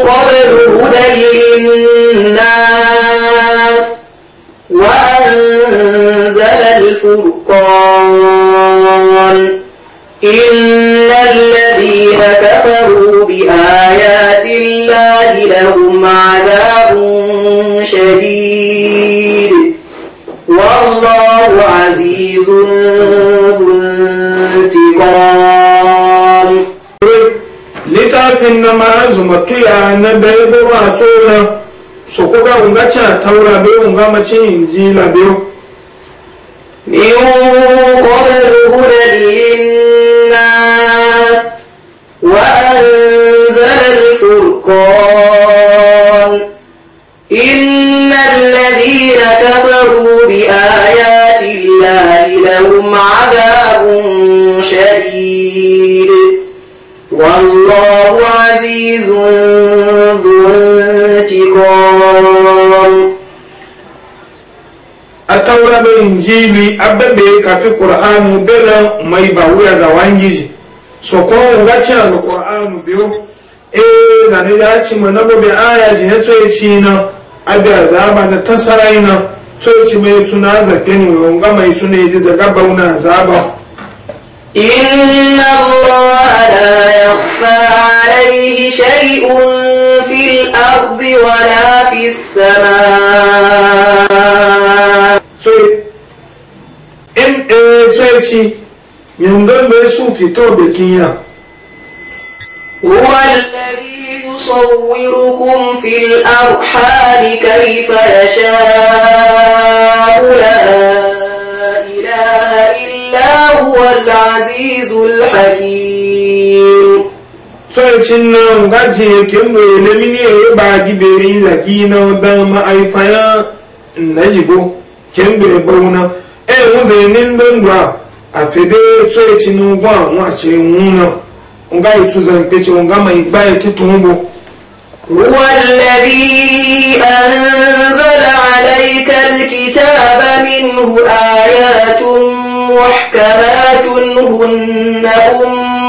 قبل هدى للناس وأنزل الفرقان إن الذين كفروا بآيات الله لهم عذاب شديد والله عزيز ذو انتقام littafin na ma'azuma tuya na da ya gaba so na so ko ga unga cha taura be unga mace injila be min qabl hudan linnas wa anzala al-furqan innal ladhina kafaru bi ayati llahi lahum 'adab عزيز ذو انتقام التوراة والإنجيل أبدا كفي القرآن بلا ما يبغوا زوانجي سكون غاتشي القرآن بيو eh da ne ya ci mana gobe aya ji ya tsoye ci na abi azaba na tasarai na tsoye ci mai tuna zake ne wanga mai tuna ya ji zaga bauna azaba inna allaha la yakhfa عليه شيء في الأرض ولا في السماء sorry in ezerci yanzu mai su fito da kinya هو الذي يصوركم في الأرحام كيف يشاء لا إله إلا هو العزيز الحكيم tsoyacin nan gaji yakin no na mini ya ba gibiri zaki na dan e ma'aifaya na jibo kin da bauna e muze nin don dwa a fede tsoyacin gwa wa ce nuna nga itu zan pece nga mai bayan titungo هو الذي أنزل عليك الكتاب منه آيات محكمات هن أم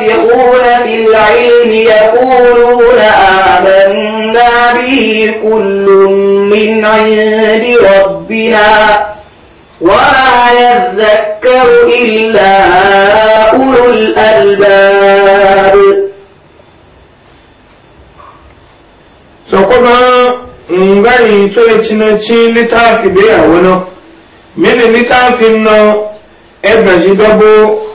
الراسخون في العلم يقولون آمنا به كل من عند ربنا وما يذكر إلا أولو الألباب سوكما ngari to ya ci na ci littafi da yawon nan mini littafin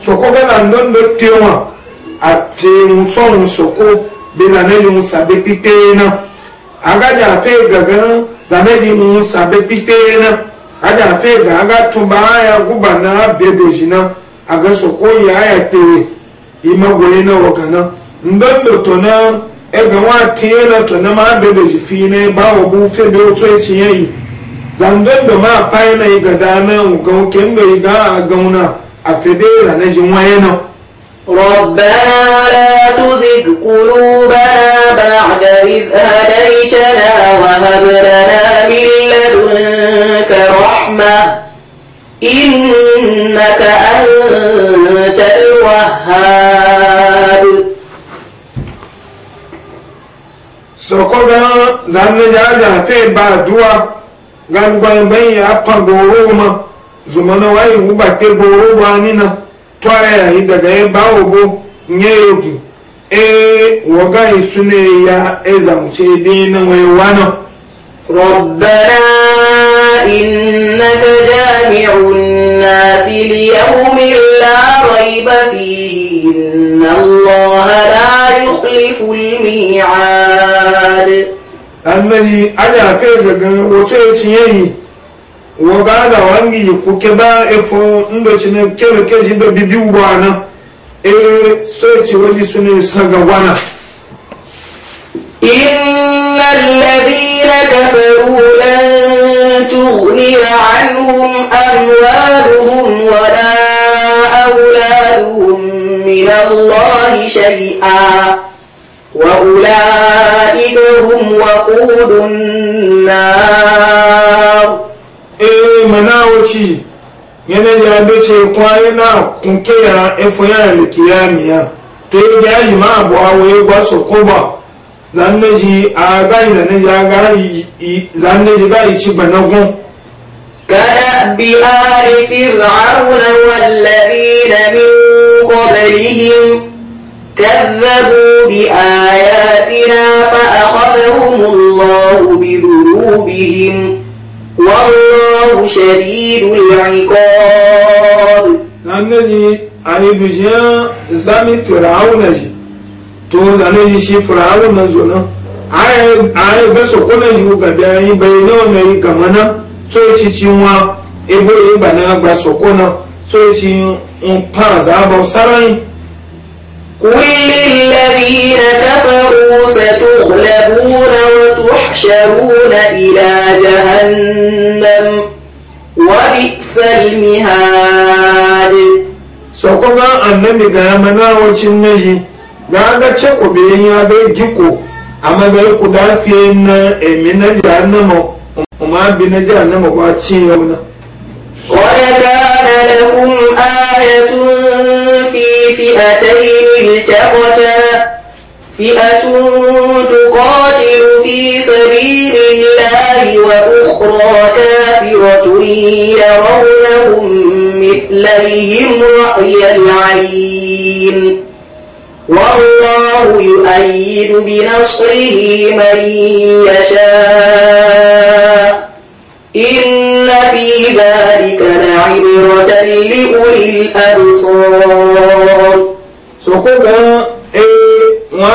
soko gana ndondo tewa ati mutsonu soko bela neji musabe pitena agaja afe gaga da neji musabe pitena aja afe ga aga tumba aya guba na bebe jina aga soko ya ya aya tewe imagwe na wakana ndondo tona ega wa tiye na tona ma bebe jifine ba obu febe otu echiye yi zandondo ma paye na igada na ugan kemgbe iga na. afebera na jimweno ربنا لا تزغ قلوبنا بعد إذ هديتنا وهب لنا من لدنك رحمة إنك أنت الوهاب سوكوغا زانجا جافي بعدوا غان غان بين يا قندوروما zumana wayi wuba ke boro ba ni na tware ya yi daga ya e bawo bo nye yogi e waga isune e ya eza muce dina wayi wana rabbana innaka jami'un nas li yawmin la rayba fihi inna allaha la yukhlifu al-mi'ad annabi ala kai daga wato yace yayi wo ga ga wangi ku ke ba e fo ndo chine ke lo ke jindo bibi u bana e so ti wo ni suni sa ga wana inna alladhina kafaru lan tughni anhum amwaluhum wa la awladuhum min allahi shay'a wa ulaihim wa yana da ya ce kwaye na kunke ya efo ya ya miya to yi ya ji ma abu awo ya gwaso ko ba zanne ji a gani zanne ji a gani zanne ji ga ichi banagun كدأب آل فرعون والذين من قبلهم كذبوا بآياتنا فأخذهم الله بذنوبهم والله شديد العقاب نانجي أني بجان زامي فرعون جي to da nan shi firawun nan zo nan a yi gasa kuna ji ga biyayi bai nawa na yi gama nan so ci ci wa ebo yi ba gba soko ci sarai قل للذين كفروا ستغلبون وتحشرون إلى جهنم وبئس المهاد سوكما annabi ga ya manawacin naji ga ga ce ku biyan ya bai giko amma ga ku dafiye na emi na jahannama kuma في فئتين التقتا فئة تقاتل في سبيل الله وأخرى كافرة يرونهم مثليهم رأي العين والله يؤيد بنصره من يشاء إن في ذلك لعبرة لأولي الأبصار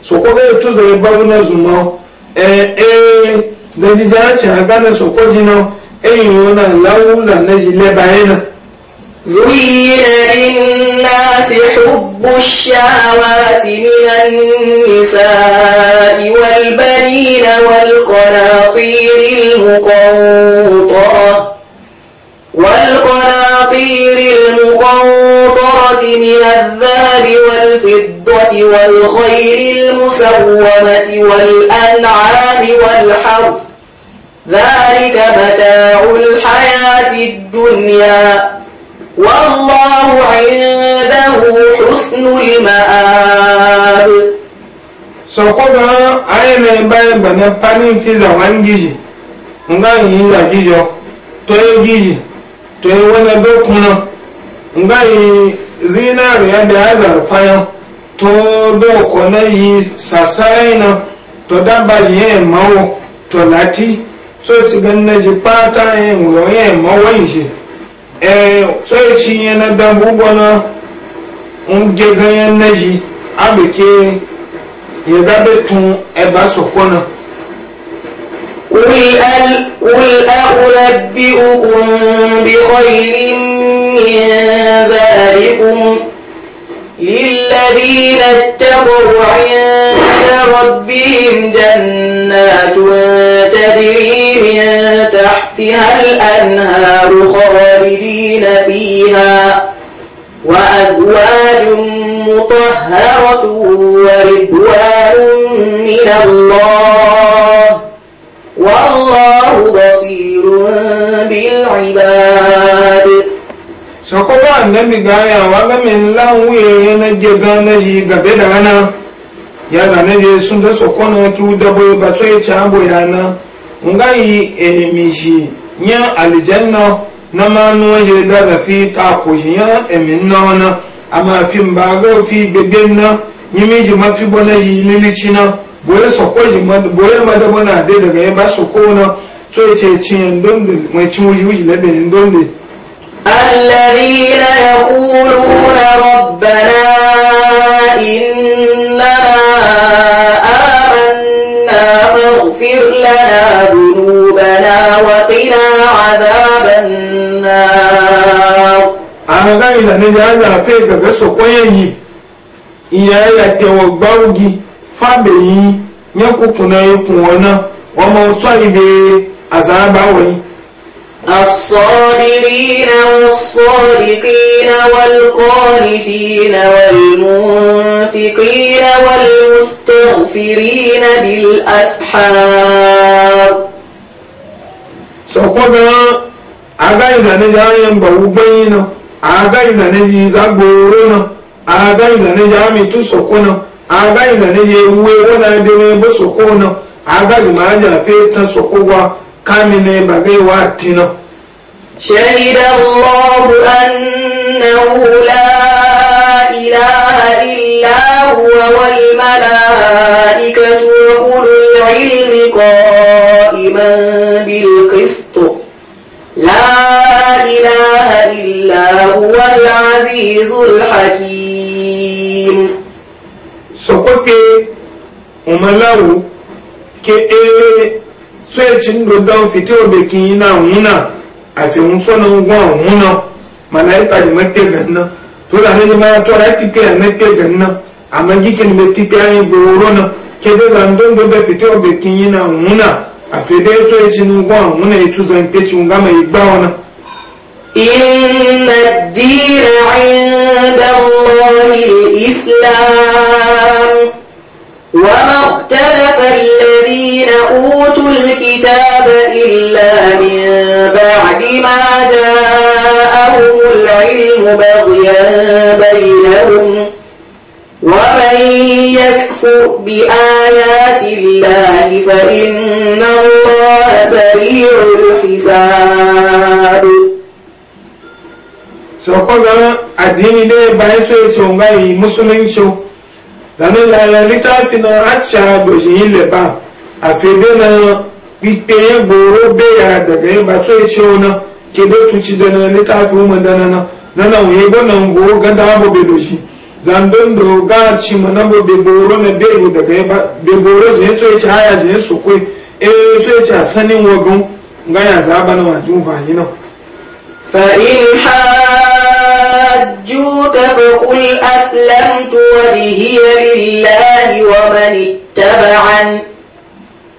soko bɛ tuzo ye babu na zuma ɛɛ ee dajija cɛ a gana soko jina e, e yi e, yona lawula na ji lɛba yana. زين للناس حب الشهوات من النساء والبنين والقناطير المقنطرة والقناطير المقنطرة من الذهب والفضة والخير المسومة والأنعام والحرف ذلك متاع الحياة الدنيا والله عنده حسن المآب سوكوبا أنا باين بنا بانين في زوان جيجي ngan yi ya gijo to yi gizi to yi wani bai kuna ngai zinariya da ya zarfayan to doko na sasaina to daba ji yin mawo to lati so e ti gan ji pata yin e wuyo yin mawo yin shi eh so e ci yin na dabugo na nge ganyen na ji abuke dabe tun eba sokona. قل, أل قل أنبئكم بخير من ذلكم للذين اتقوا عند ربهم جنات تجري من تحتها الأنهار خالدين فيها وأزواج مطهرة ورضوان من الله wallahu basirun bil ibad so ko ba na gaya wa ga min lanwe na jega na ji gabe da wana ya da ne je sun da sokono ki da boy ba so ya ya na ngai enemi ji nya aljanna na ma nu ye da da fi ta ko ji ya emin na na ama fi ga fi bebe na nyimi ji ma fi bona yi lilichi goyon sakwai goyon madabona da daga yin ba su tsoye ce ciyen donde mai cin wuji wuji na benin donde Allahina ya kuru na rabbana inna amanna fir lana dunubana wa qina azaban nar an ga ni da ne ya fe ga ga sokoyen yi iya ya te wa gbawgi fábẹ̀ yìí yẹn kúkùnà ikùn wọn náà wọ́n mọ sọ ibi àzàbà wọ̀nyí. الصابرين والصادقين والقانتين والمنفقين والمستغفرين بالأسحار سوكونا أغاي زانيجا ينبوبين أغاي زانيجي زاغورونا أغاي زانيجا ميتو agaghị na ne ya ewuwe ewu na-adị n'ebe soko nọ agaghị ma aja afe ta soko gwa kami na ebe agaghị wa ati nọ شهد الله أنه لا إله إلا هو والملائكة وأولو العلم قائما بالقسط لا إله إلا هو العزيز الحكيم sokoke umalawu ke ee tsoyaci ndo don fiti obe ki na nwuna a fi nso na ngwa nwuna malaika ji mete ganna to da ne ma ya tora kike ya mete ganna amma gikin me kike ya goro na ke de ga ndo da be fiti obe ki na nwuna a fi de tsoyaci ngwa nwuna itu zan ke ci ngama igba na. إن الدين عند الله الإسلام وما اختلف الذين أوتوا الكتاب إلا من بعد ما جاءهم العلم بغيا بينهم ومن يكفر بآيات الله فإن الله سريع الحساب sokon ga addini ne bayan sai ce nga yi musulunci zanen ya littafi na acca dojin yin leba a febe na pipe ya goro beya daga yin ya ce ona ke bai tuci da na littafi umar dana na na na wuye gwanan goro gada abu doshi zandon da ga ci na bu goro na beru daga yin goro zai ya ce haya zai ya ce a sanin wagon zaba na wajen fahimta فإن حاجوك فقل أسلمت وجهي لله ومن اتبعن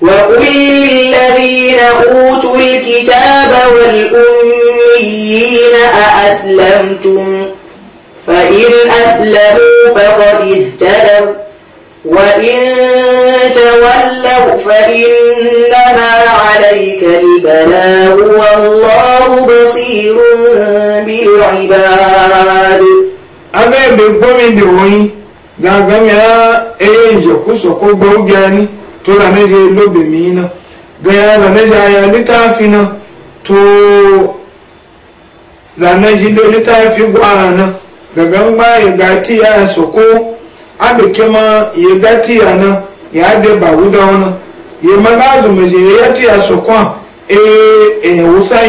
وقل للذين أوتوا الكتاب والأميين أأسلمتم فإن أسلموا فقد اهتدوا وإن تولوا فإنما عليك البلاء والله بصير بالعباد أنا بقومي بروي gangan ya eje kusa ko gaugyani to da na je lobe mina ga ya da na ja littafi na to da na ji da gwana gangan ba ya gati ya soko abike ma ya gati ya na ya de ba wuda wana ya soko a e e wusa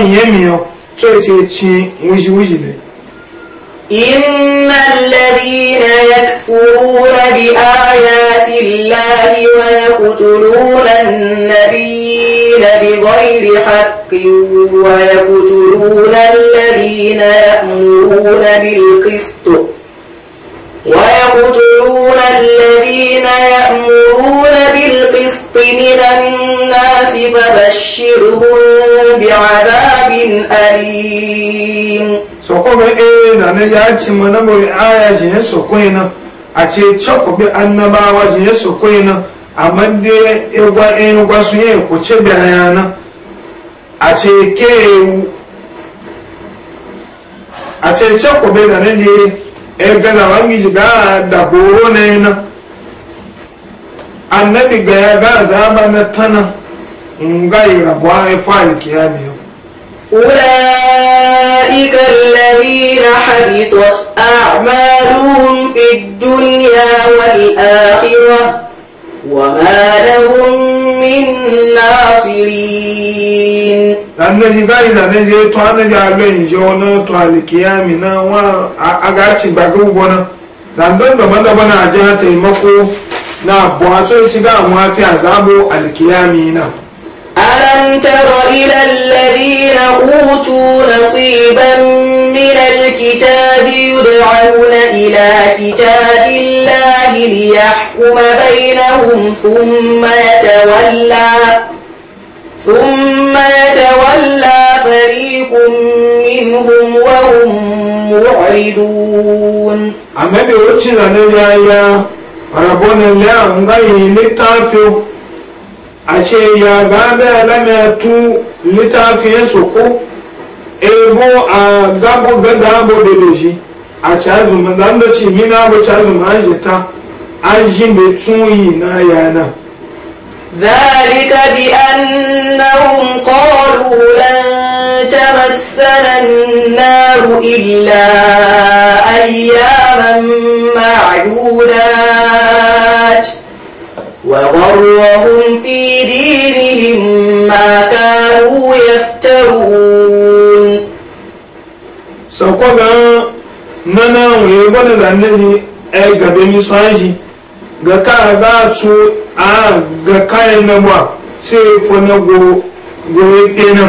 إن الذين يكفرون بآيات الله ويقتلون النبيين بغير حق ويقتلون الذين يأمرون بالقسط ويقتلون الذين يأمرون القسط من الناس فبشرهم بعذاب أليم سوكوبا إيه نانا ياتي منا مرعايا جنة سوكوينا أتي تشوكو بأنبا وجنة سوكوينا amma dai egwa egwa su yi kuce bayana a ce kewu a ce ce da ne ne gaza wani da boro na yana annabi ga ya ga zaba na tana ngai rabuwa ya fa'al kiyami yau أولئك الذين حبطت أعمالهم في الدنيا والآخرة وما لهم من ناصرين annaji báyìí lànàjì ètò annaji alóyìnjẹ wani tó alìkíyàmì náà wọn agàtì gbàgbọ́ gbọ́nà làǹdọ́ndọ̀mọ́dọ́gbọ́nà àjẹ́ taimako na buhatsun ci ga mafi azabu alkiyami nan alam tara na alladhina utu nasiban min alkitabi yud'auna ila kitabi llahi liyahkuma bainahum thumma yatawalla thumma kun fariqun minhum wa hum mu'ridun amma bi wacce nan ya ya rabonin layan gayi littafi a ce ya gabe alamatu littafin soko ebo a gabo gada abo da shi a cazuma zan da ce mina abu ta an jita an ji mai tsoyi na yana ذلك بأنهم قالوا لن تمسنا النار إلا أياما معدودات وغرهم في دينهم ما كانوا يفترون سوكوغا نانا ويغونا لانني اي غابيني سواجي غكا غاتو ا غكاي نبوا سي فنغو غوي بينا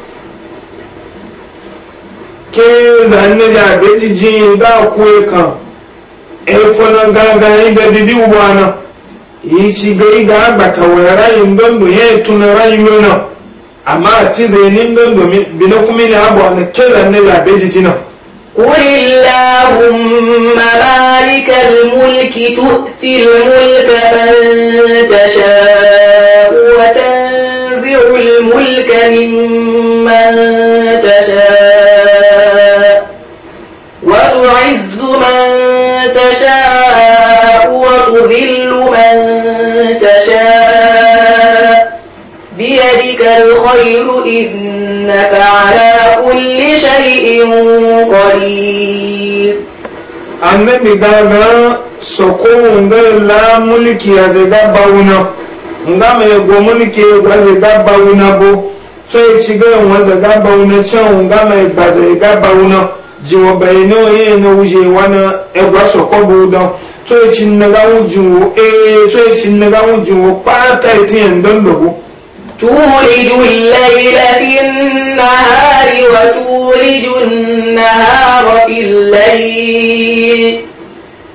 ke zanne da beji ji da kuwa kan efonan gangayen da didi ubana yi ci gai da bata wa rayin don mu he tuna rayin yana amma ci zainin don domin bina kuma ne abu na ke zanne da beji ji nan قل اللهم مالك الملك تؤتي الملك من تشاء وتنزع الملك ممن تشاء تشاء وتذل من تشاء بيدك الخير إنك على كل شيء قدير annabi daga sokowun ga la mulki ya zai nga mai go mulki ya zai wuna bo so ya ci ga yawan zai wuna can nga mai ba zai wuna jiwo bai no ye na wuje wana egwa soko budan to ye chin na ga wujiwo eh to ye chin na ga wujiwo pata itin don dogo تولج الليل في wa وتولج النهار في الليل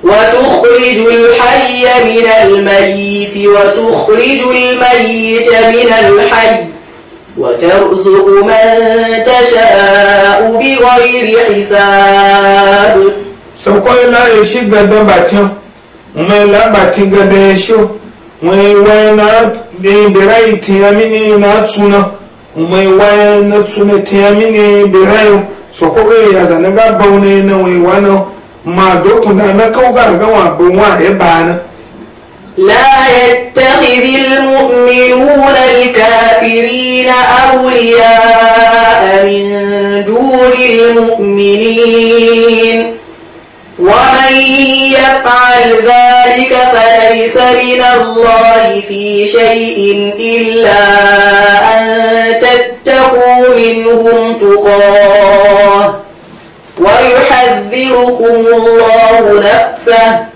وتخرج الحي من الميت وتخرج الميت من الحي وترزق من تشاء بغير حساب sọ kọ́ iná èṣí gbẹ̀dọ̀ bàtí ọmọ ilá bàtí gbẹ̀dọ̀ èṣí ọ mọ ìwà iná bẹ̀rẹ̀ ìtìyà mí ní iná túnà mọ ìwà iná túnà tìyà mí ní bẹ̀rẹ̀ ìwà sọ kọ́ bẹ̀rẹ̀ ìyàzà nígbà bọ́ọ̀ ní ìwà náà mọ àdókùn náà mẹ́kọ́ gbà gbà wọn àbọ̀ wọn àyè bàánà. لا يتخذ المؤمنون الكافرين أولياء من دون المؤمنين ومن يفعل ذلك فليس من الله في شيء إلا أن تتقوا منهم تقاه ويحذركم الله نفسه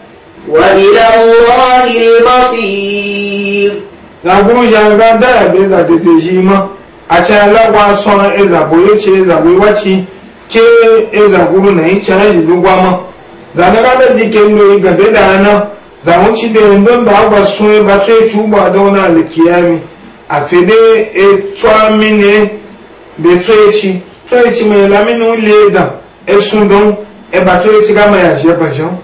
وإلى الله المصير zagun yanga dara be za de shi ma a ce lagwa son e zabo ya ce zabo wace ke e zaguru na yi cire shi lugwa ma za na gada jikin doyi gabe da rana za mu ci da yanzu ba agwa sun yi ba sai cuba da wani alikiyami a fide e tsuwa mini be tsoye ci tsoye ci mai lamini le da e sun don e ba tsoye ci gama ya je bajan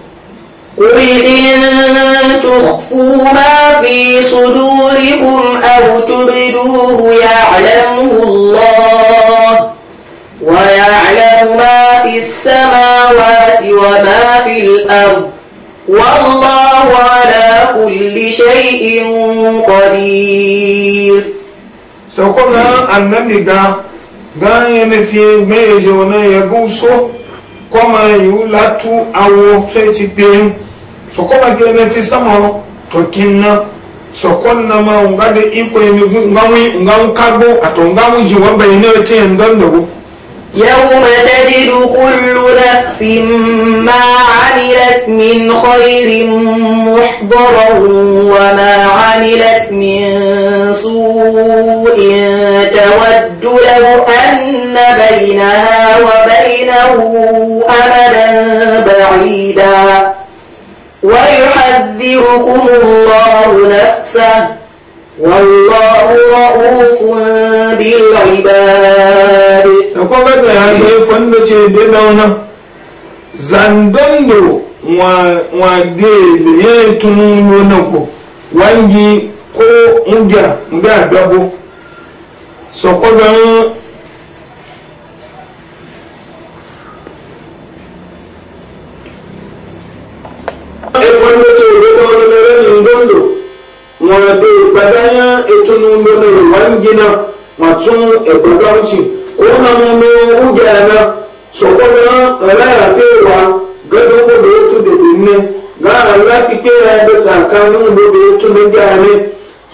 قل إن تخفوا ما في صدوركم أو تبدوه يعلمه الله ويعلم ما في السماوات وما في الأرض والله على كل شيء قدير سوكنا النبي دا دا ينفي ميجونا يقوصو كما يولاتو أو تيتي sokoba gilebe fi samoro to kinna sokonna ma ngade iko yemi ngawi ngawu kabo ato ngawu jiwa bayne te ndandogo يوم تجد كل نفس min عملت من خير محضرا وما عملت من سوء تود له أن بينها وبينه أمدا baida. ويحذركم الله نفسه والله رؤوف بالعباد akwai gada ya zai fanda ce da dauna zandando wa gele ya tunu wangi ko dondo wọn bɛ gbadanya etunu ndono wangina wọn tún ɛgbɛkanti kó namu ní ugyana sɔkɔna ɛlɛ yàtɛ wa gadogo bɛ tu dede ne da lati kpe ya bɛ ta kan ní wo bɛ tu ne gaane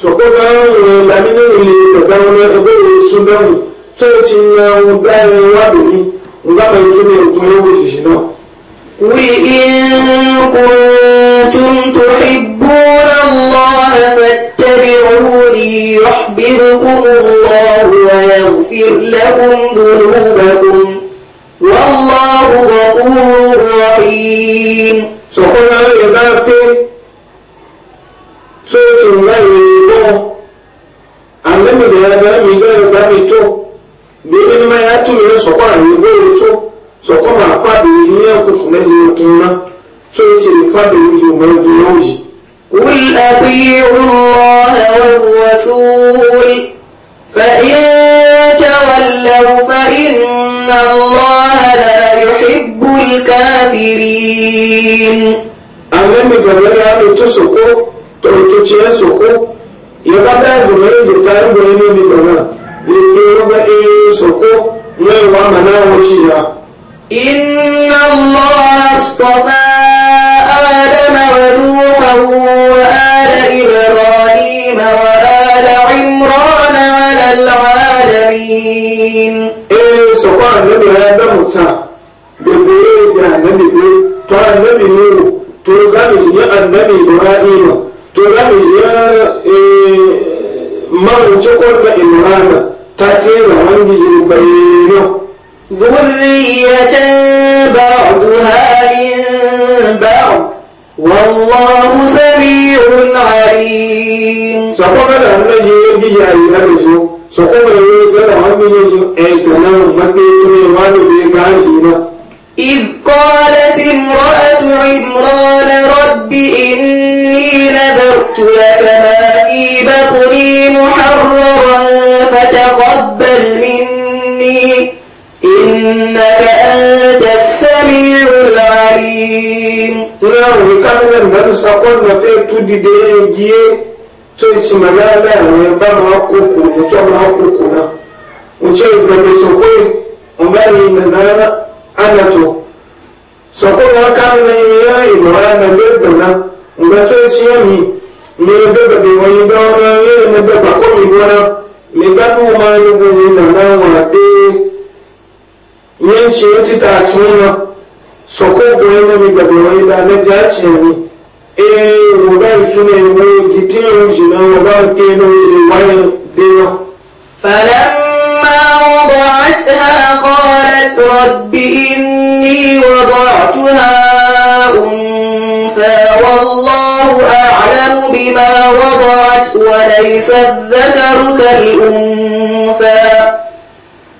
sɔkɔna wọn lami ne wuli gbadanya ɛgbɛ wuli sunbɛmu tó ti nya wọn gbaa yẹn bɛ yi nga bɛ tu ne gbɛɛ wo sisi náà. wúyi mundo قل أطيعوا الله والرسول فإن تولوا فإن الله لا يحب الكافرين أمام بغير تسكو يبقى زمان بغير لا يوامنا إن الله اصطفى annabi ibrahima to za mu je mawuce korba imrana ta tsira wani gijiri bayyano ذرية بعضها من بعض والله سميع عليم سقوما da hannun yin gije a yi hannun su saqoma da yin gada hannun yin su ɗaya kanan mafi ne wani bai gashi na إذ قالت امرأة عمران رب إني نذرت لك ما في بطني محررا فتقبل مني إنك أنت السميع العليم نعم كان من سقط في تدي tó ìtumọ̀ láàrín àwọn ẹgbẹ́ máa kó kò mú tó máa kó kò náà. Mo jẹ́ ìgbẹ̀lẹ̀ sọ pé ọ̀gá ni ìgbẹ̀lẹ̀ náà anato sọkọ wọn kárí na ya ìmọ̀ra na gbẹ́gbẹ̀ na ǹgbà tó ẹ̀ tiẹ́ mi ní gbẹ́gbẹ̀ bí wọ́n yín dán ọ́nà yé ẹ̀mẹ́ gbẹ́gbà kọ́ mi lọ́nà lè gbádùn ọmọ ẹni gbogbo nàná wọn àgbé yẹn tiẹ́ títà àti wọn na sọkọ obìnrin náà mi gbẹ̀gbẹ̀ wọ́n yín dán ẹ̀mẹ́jẹ́ àti ẹ̀mí ee wò bá ìtúnẹ̀ ìwé وضعتها قالت رب إني وضعتها أنثى والله أعلم بما وضعت وليس الذكر كالأنثى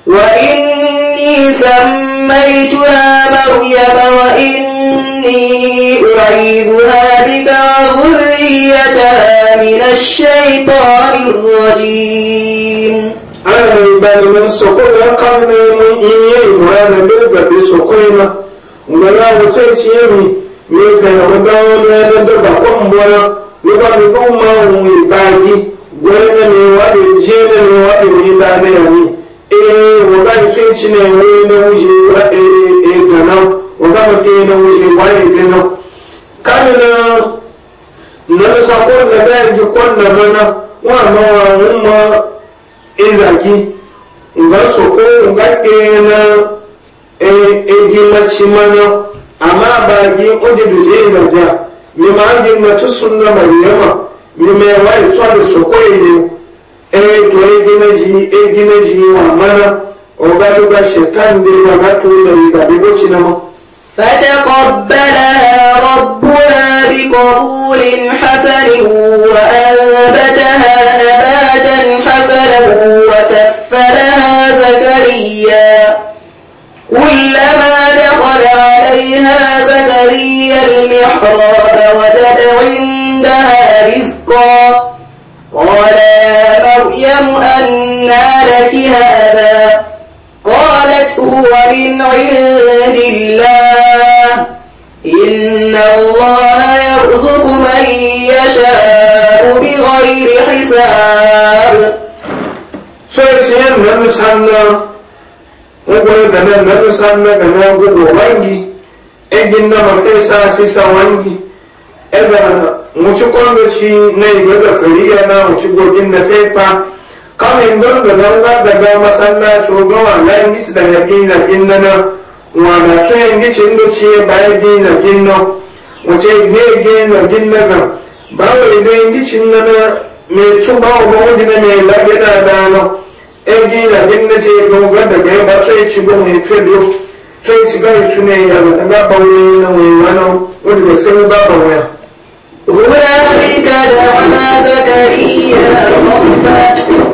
وإني سميتها مريم وإني أعيذها بك وذريتها من الشيطان الرجيم ana na soko ya kamne mu iye imurana belga na soko ina ngala wo sai ci ga ya da wo ne da da ba ko ni ba ma wo ibadi gore ne ne wa de je na ne wa de ni da ne na e wo ga ni ci na na e ga na wo na wa e na na sako da da ji kon na mana wa ma wa izaki nga soko nga kena egi e machimana ama bagi oje duje izaja mima angi matu sunna mariyama mima yawa itwale soko yi e to eginaji e ji wa mana ogaluga shetani de wagatu na izabibo chinama فتقبلها ربنا بقبول حسن وأنبتها نباتا حسنا وكفلها زكريا كلما دخل عليها زكريا المحراب وجد عندها رزقا قال يا مريم أنى لك هذا قالت هو من عند الله إن الله يرزق من يشاء بغير حساب سويتين من مسحنا وقال دنا من مسحنا كما يقول وانجي egin na mafi sa sisa wangi eza muci kwandoci na igwe zakariya na muci gogin na fefa kamin don da don na daga masallaci ga wannan gici da ya gina ginna na wanda tsayin gicin da ce baya gina ginna wace ne gina ginna ga ba wai dai gicin na na mai tuba wa mawuji na mai labe da dano e gina ginna ce ga daga ya ba tsayin ci ga mai fedo tsayin ci ga ya tune ya ga daga ba wai na wai wani wanda ba sai ba ba waya. هنالك دعا زكريا ربه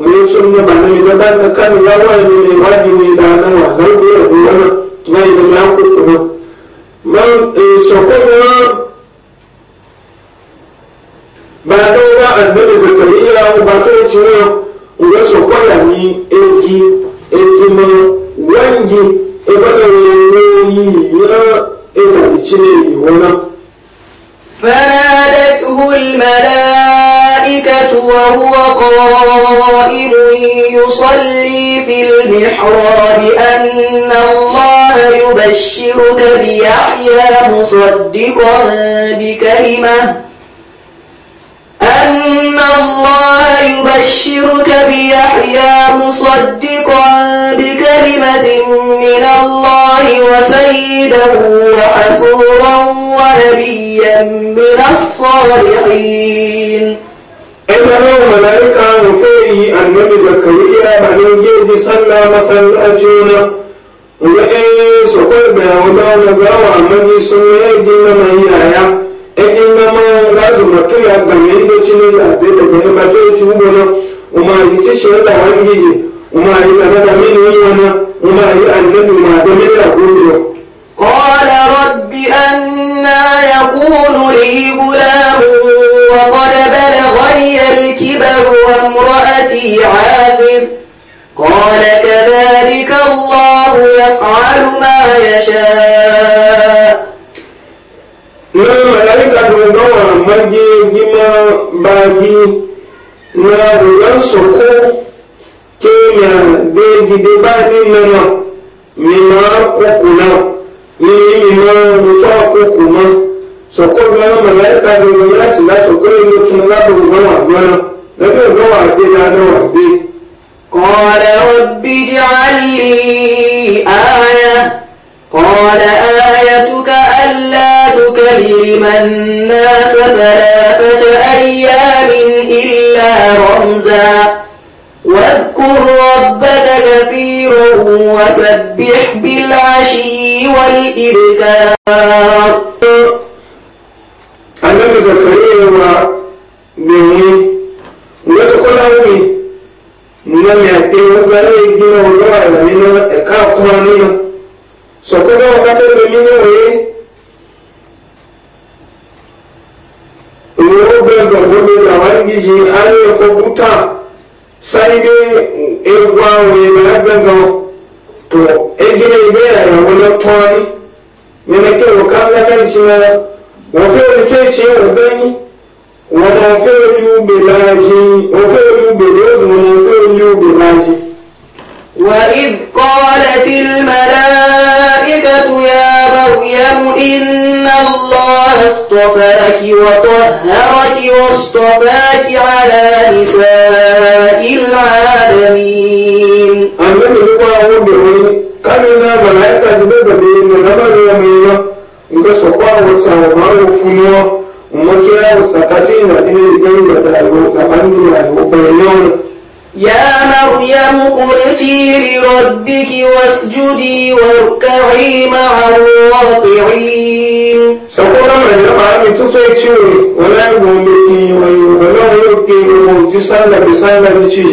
wani sun da ba nan da ba da kan ya wani ne wani ne da nan wa zan bi da wani wani da ya kurkuma man sokowa ba da wa annabi zakariya ba sai ciwo uga sokola ni eki eki mo wangi ebana yi ya eza ichine yi wona فنادته الملائكة الملائكة وهو قائل يصلي في المحراب أن الله يبشرك بيحيى مصدقا بكلمة أن الله يبشرك بيحيى مصدقا بكلمة من الله وسيدا وحسورا ونبيا من الصالحين ɗanɗanon mala'ika rufe'i annabi zakariya a nan gefe sallah masallacin na wa'in eh, su kwai da yahuda da gawa annabi yaya ɗan eh, inda ma za su matu ya gami da cinin da abin da gani ba zai وامرأتي عاقر قال كذلك الله يفعل ما يشاء na malaika don gawa mage gima bagi na ruwan soko kenya da gidi ba ni mana mina kukuna ni mina rufa kukuma soko gana malaika don gawa ci na soko ne tun na don gawa mana قال رب اجعل لي آية قال آيتك ألا تكلم الناس ثلاثة أيام إلا رمزا واذكر ربك كثيرا وسبح بالعشي والإبكار النبي زكريا من ìwé sọ́kọ́lá wí nínú mi àti ọgbà lóye bí náà olówó àlà nínú ẹ̀ka ọkùnrin nínú sọ́kọ́lá ọba tó lè nínú òye ìwé ọgbà ìgbàgbọ́dọ̀ làwọn ìgbìjì ayé ẹ̀fọ́ bútà sáyidé ewu àwọn èèyàn agbẹ́gàn tó egire ilé ẹ̀rọ lọ́tọ́ ni nínú واصطفاك وطهرك واصطفاك على نساء العالمين أمين لقوا أقول بهم كامينا ملايكة جبه بهم نبال يمينا إنك سقوا وصعوا وفنوا ومكيا وسكتين لدينا لقوا يدعوا كمان دعوا بينونا يا مريم قلتي لربك واسجدي واركعي مع الراكعين. سفر مريم máa mi ولا sọ ìtí rẹ̀ ọlẹ́gbọ̀n lè kí بشي.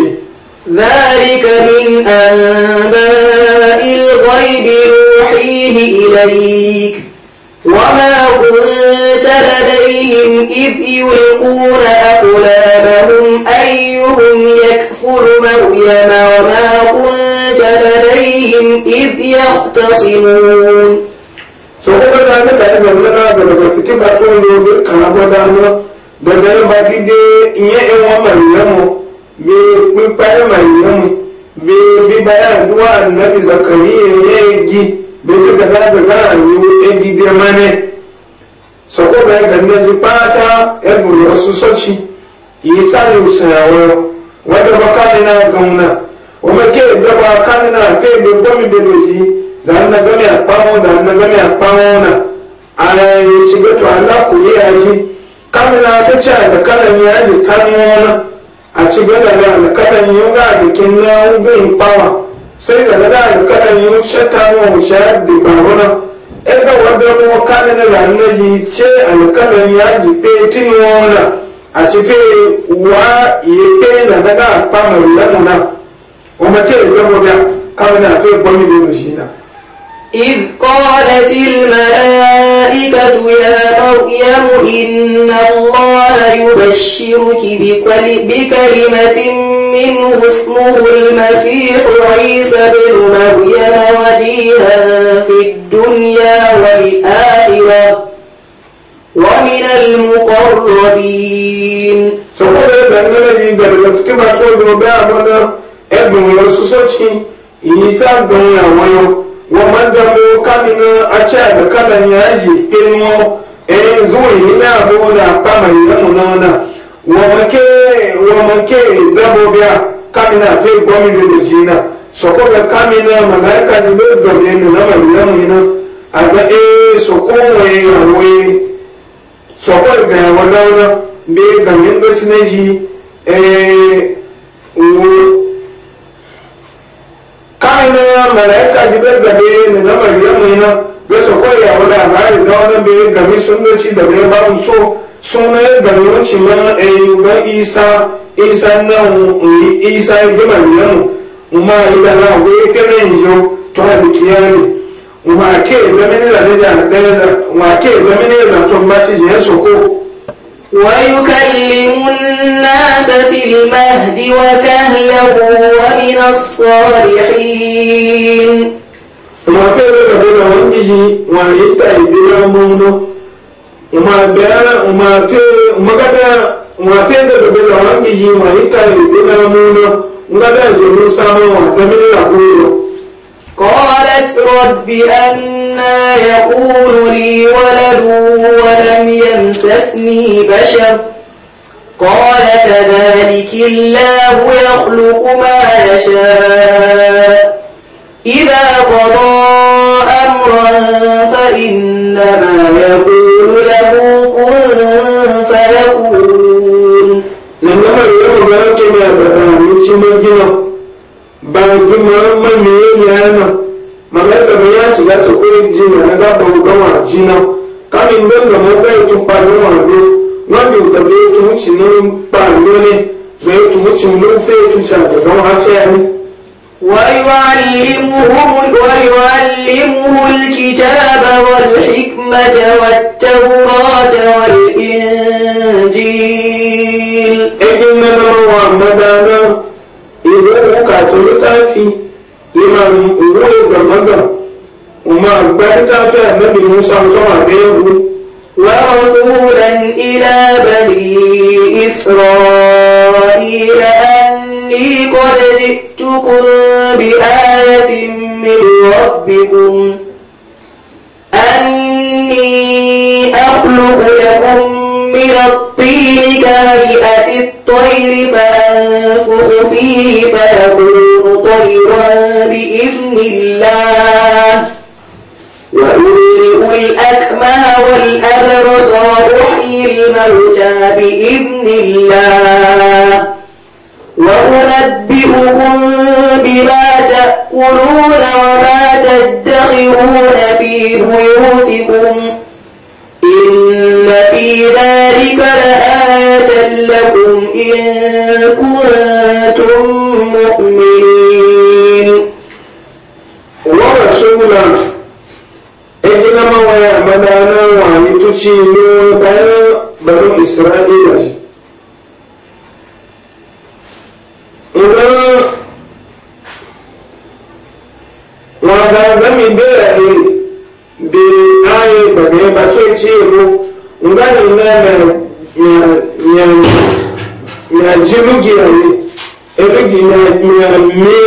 ذلك من أنباء الغيب نوحيه إليك وما كنت لديهم إذ يلقون أقلامهم أيهم يكفي يدخل مريم وما كنت لديهم إذ يختصمون sọkọ́kọ́ tá a ní tàbí gbàgbọ́dá gbàgbọ́ fìtìmà fún mi e ma náà gbàgbọ́dá bá dídé ìyẹn ẹ̀wọ̀n màlìyẹ́mu bíi pípa ẹ̀ màlìyẹ́mu bíi bíbá ẹ̀ àdúrà nàbì zakari ẹ̀yẹ igi bíi gbàgbọ́dá gbàgbọ́dá àyè igi dé mánẹ́ sọkọ́kọ́ ẹ̀ gbàgbọ́dá ti pátá ẹ̀ bùrọ̀ sọ́sọ́ọ̀ṣì yìí sáré òsàn àwọn. wadda ba kanina gauna o ma ke da ba kanina te be gomi be be ji zan na gami a kpawo da na gami a kpawo na a yi shiga to ala kuri a ji kanina ta ce a da kanan ya ji tanuwa a ci gada da da kanan yi ga bikin na ugun kpawa sai da da da kanan yi shata wa wuce da barona ɗan da wadda mu kanina da na ji ce alkalan ya ji pe tinuwa na إذ قالت الملائكة يا مريم إن الله يبشرك بكلمة منه اسمه المسيح عيسى بن مريم وجيها في الدنيا والآخرة ومن المقربين saboda da nanabi ga da fiti ba so da ba mana ebun yo sosochi yi ta gonya wayo wa manda mu kamina a ce da kalan yaji ilmo eh zuwa ni na abu da kama ni mu nona wa make wa make dabo kamina fe da so malaika be a ga walauna be gamin doci na ji kai na malaika ji bai gabe na na maryamu na ga su koyi a wani labari na wani bai gami sun doci da bai ba so suna gami wancin na ga isa isa na isa ga maryamu ma yi da na wai kare yanzu to a bikiyar wake zamani da rija na ɗaya wake zamani da tun baci ya soko ويكلم الناس في المهد وكهلا ومن الصالحين ọmọkẹ́rẹ́ ọ̀dọ́nà oníjì wọn yìí ta ìgbéra mọ́nà ọmọkẹ́rẹ́ ọ̀dọ́nà oníjì wọn yìí ta ìgbéra mọ́nà ńgbádà ìṣèlú sáwọn àtẹ́mílẹ̀ àkójọ. قالت رب أن أنا يقول لي ولد ولم يمسسني بشر قال كذلك الله يخلق ما يشاء إذا قضى أمرا فإنما يقول له كن فيكون لما يقول لك يا بابا يشمل جنا بعد ما من يانا mamata bai ya shiga sukurin jina na gaba gawa jina kamin don da mawaka ya tun faru wando wajen da bai tun wuce nan faru ne bai tun wuce nufe ya tun shaga don hafiya ne ويعلمهم ويعلمه الكتاب والحكمة والتوراة والإنجيل إذن هو مدانا إذن وقعت لتعفي ورسولا إلى بني إسرائيل أني قد جئتكم بآية من ربكم أني أخلق لكم من الطين كهيئة الطير فأنفخ فيه فيكون طيرا بإذن الله وأبرئ الأكمى والأبرص وأحيي الموتى بإذن الله وأنبئكم بما تأكلون وما تدخرون في بيوتكم إن في ذلك لآية لكم إن كنتم مؤمنين wula ejina mawaya madana wani tuci ne bayan barin isra'ila shi idan wata zami bera ne bi ayi bagare ba ce ce mu ngani na na ya jirugi ya ne erugi na ya me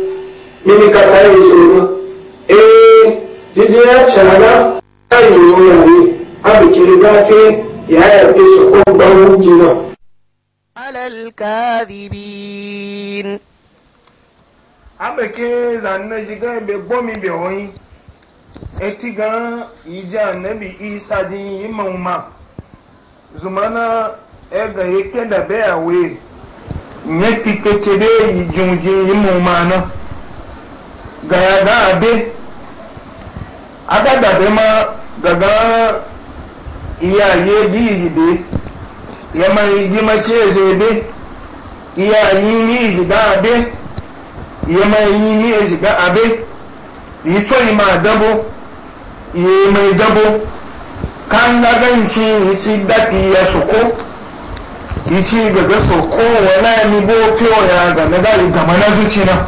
mini kata yi zoro ee jijin ya shahara ta yi wurare abikiri dafe ya yarda su ko bawon gina alal kadhibin abeke zanna jiga be bomi be hoyin eti gan ije anabi isa ji imauma zumana ega yake da be awe nye pikekebe ijunjin imauma na gaya ga abe agadabe ma gaga iyaye jijibe ya mai gimace zebe iyayi ni ziga abe ya mai yi ni ziga abe yi tsoyi ma dabo yi mai dabo kan laganci yi ci daɗi ya soko yi ci gaga soko wala ni bo fiyo ya zane gari gama na zuci na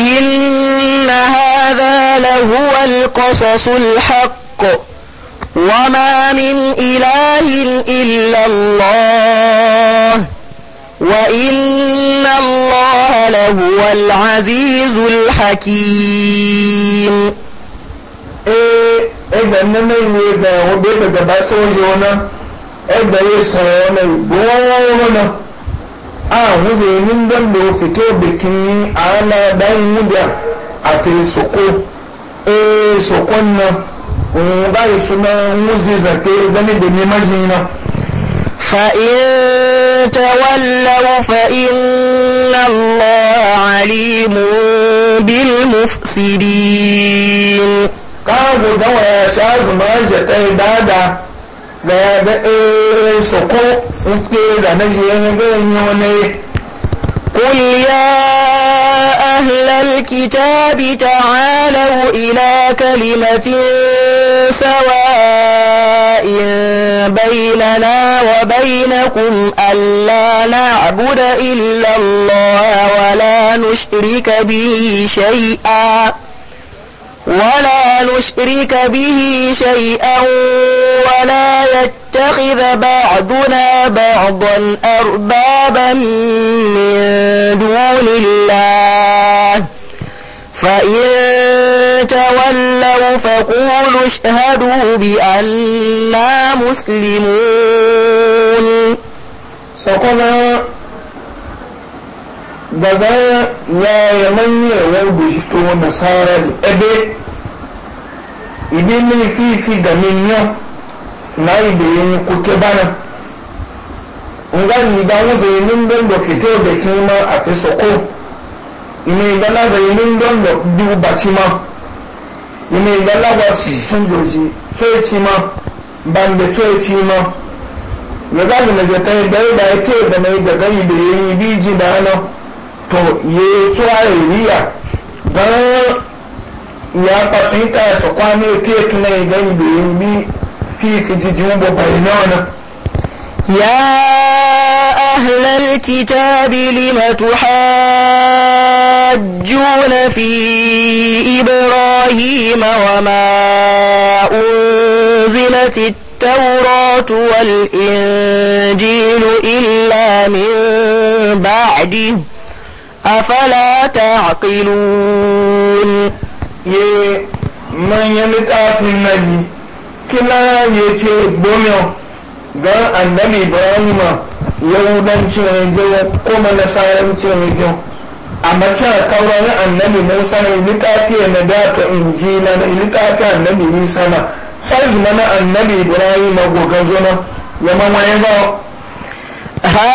إن هذا لهو القصص الحق وما من إله إلا الله وإن الله لهو العزيز الحكيم إيه إذا نمي إذا هو بيت جبات سوى جونا إذا يسرى نمي ahụ zai yi ndị fito bikin ana dan wuda a fi soko ee sokon na ba yi suna wuzi zake gani da neman jina فإن تولوا فإن الله عليم بالمفسدين قالوا دواء شاذ ما جتي دادا daya da ee soko wuce da na قل يا أهل الكتاب تعالوا إلى كلمة سواء بيننا وبينكم ألا نعبد إلا الله ولا نشرك به شيئا ولا نشرك به شيئا ولا يتخذ بعضنا بعضا أربابا من دون الله فإن تولوا فقولوا اشهدوا بأننا مسلمون سقنا daga yaya manye wanda shi to nasara ebe ibi ne fifi ga minyo na yi da yin kuke bana Ngani ni ga wuzo yin don da fito da kima a fi soko Ina ga na za yin don da biyu baci ma ime ga lagwa su sun goji coci ma ban da coci ma ya ga na jata da ya ba ya te da na yi ga gani da ya yi biji da ana to ye tsuwa riya don ya fasinta ya sakwa ne teku na idan bi fi kijijin babbai na wani يا أهل الكتاب لم تحاجون في إبراهيم وما أنزلت التوراة والإنجيل إلا من بعده أفلا تعقلون ye من littafin naji kila ya ce بوميو غير annabi ibrahima yahudancin rijiyo kuma nasarancin rijiyo a macen kauran annabi musa ne littafi na data injila na litafi annabi isa na sai zuma na annabi ibrahima gogazo na yamma wani ha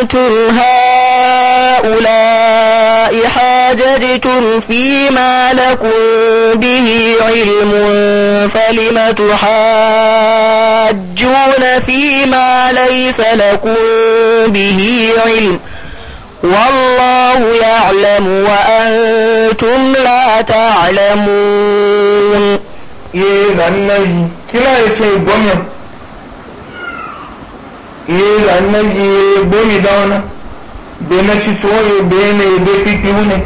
قلتم هؤلاء حاججتم فيما لكم به علم فلم تحاجون فيما ليس لكم به علم والله يعلم وأنتم لا تعلمون iye la naji boyi dauna bena ci tsoye bena be pipi wune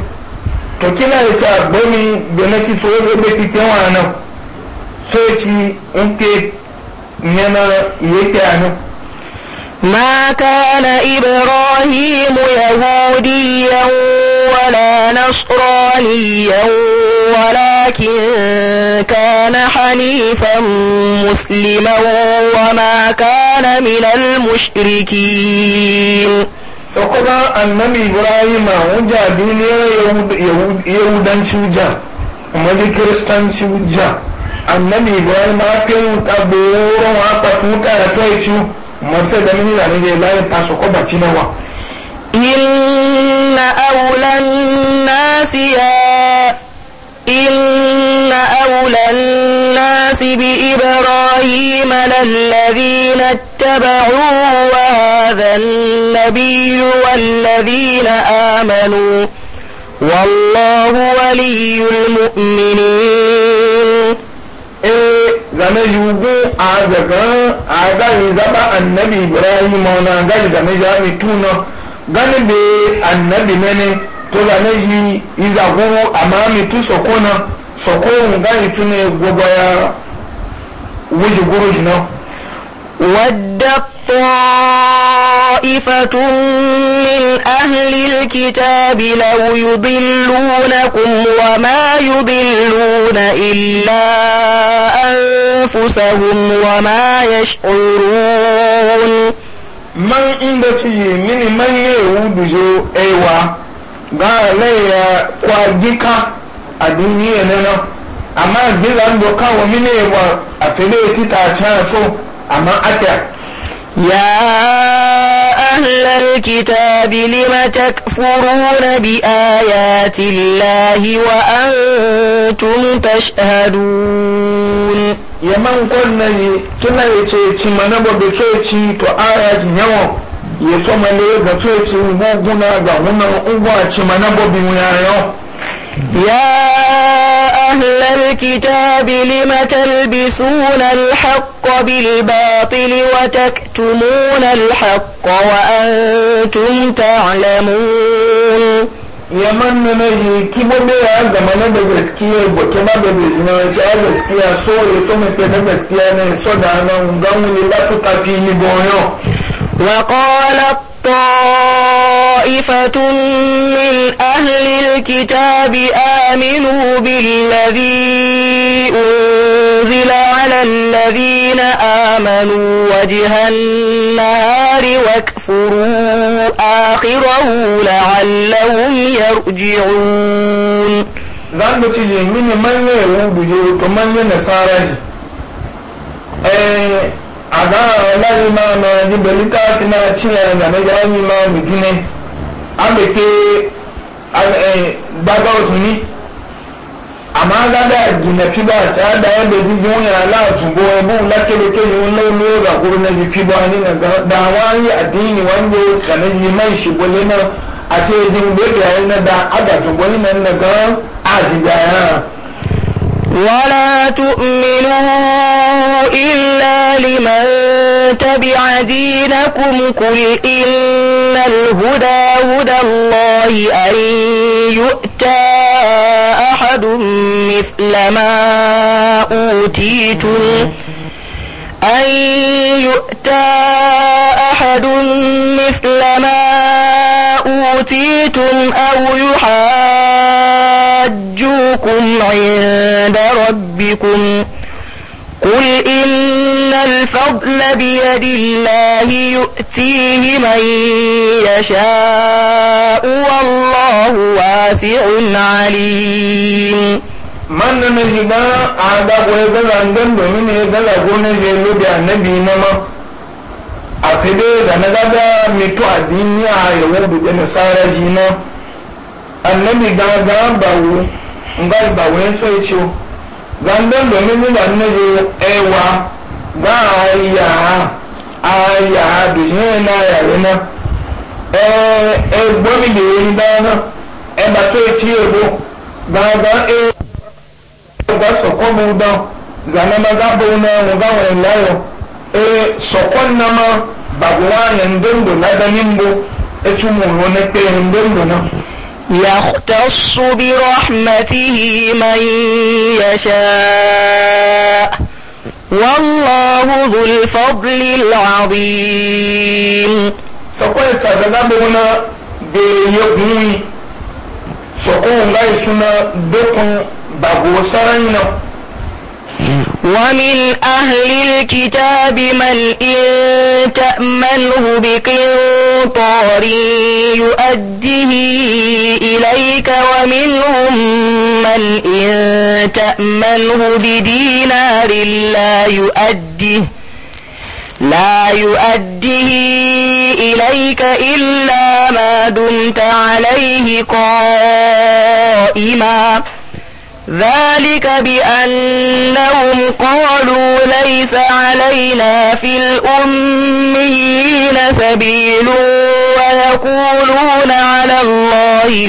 to kila ya ta bomi bena ci tsoye be pipi wana so ci unke nena yake ana ما كان إبراهيم يهوديا ولا نصرانيا ولكن كان حنيفا مسلما وما كان من المشركين sau kuma annabi ibrahim wanda duniyar yahudanci ja kuma kiristanci wujja annabi ibrahim ake wuta boro wa patuta da tsaye su mafi da mini da ne layin tasu ko إن أولى الناس يا إن أولى الناس بإبراهيم للذين اتبعوه وهذا النبي والذين آمنوا والله ولي المؤمنين zame yugu a daga a ga zaba annabi ibrahim na zame jami tuna gani be annabi mene to da ne yi iza gogo amma mi tu sokona sokon gani tune gogo ya wuji guru jina wadda طائفة من أهل الكتاب لو يضلونكم وما يضلون إلا أنفسهم وما يشعرون man mgbachi yi mini man ya ewu ewa ga laiya kwa a duniya na nan amma bila ndo kawo mini ewa a fili tita a so amma aka يا أهل الكتاب لم تكفرون بآيات الله وأنتم تشهدون ya man kwanna ne tuna ya ce ci mana ba coci to aya ji yawa ya to mana ya ga coci guguna ga huna ugwa ci mana ba bi mu yayo ya ahlal kitabi lima talbisuna alhaq bil batil wa taktumuna alhaq wa an tun ta ya manna na yi kimo me ya gama na da gaskiya boke ma da bai jina shi a gaskiya so ya so mai fe na gaskiya ne so da nan gan wuli latu tafi boyo wa qala طائفة من أهل الكتاب آمنوا بالذي أنزل على الذين آمنوا وجه النهار واكفروا آخره لعلهم يرجعون ذنب mu من ne mini من من ne aga ọlọ́run máa mọ ẹni pẹ̀lú káàtì náà tí ẹ̀rọ nàmẹ́jà ẹ̀yìn máa mú jí ní agbèké gbágbọ́sùn ní àmọ́ agádá ìgbìnà fíbà àti àdá ẹ̀bẹ̀ jíjí wọn yàrá láàtúbọ̀ ẹbú lákèlékè ní wọn lọ́wọ́ lórí àkúrò náà ní fíbà ní nàgbà dá wọn rí àdéhìn wọn gbé kàná yìí má ìṣègbọlé náà àti èjì ń gbé bẹ̀rẹ̀ náà dá àgàtúgbọ̀ yìí náà nàgbà àjìgbà yàrá. ولا تؤمنوا إلا لمن تبع دينكم قل إن الهدى هدى الله أن يؤتى أحد مثل ما أوتيتم أن يؤتى أحد مثل ما أوتيتم أوتيتم أو يحاجوكم عند ربكم قل إن الفضل بيد الله يؤتيه من يشاء والله واسع عليم من na na hiba عن da gure gaza ngan domin ne gaza gona a fide da na gada mito a yawon buɗe nasara ji na annabi gaga bawo ya ce zandan domin yi e, e, da annabi ewa ga ha aya dujin na yare na egbomi da yi dana ẹgbà tó etí ebo e gbà sọkọ́ bu dán na e sokon nama bagwa e na ndondo na danimbo etu mu ne pe ndondo na يختص برحمته من يشاء والله ذو الفضل العظيم sọ̀kọ́ ìtàgbẹ́gbẹ́ wọn bèèrè yọkùnrin sọ̀kọ́ òun láì túná dókun bàbá sáráyìn náà ومن أهل الكتاب من إن تأمنه بقنطار يؤديه إليك ومنهم من إن تأمنه بدينار لا يؤديه لا يؤديه إليك إلا ما دمت عليه قائماً ذلك بأنهم قالوا ليس علينا في الأمين سبيل ويقولون على الله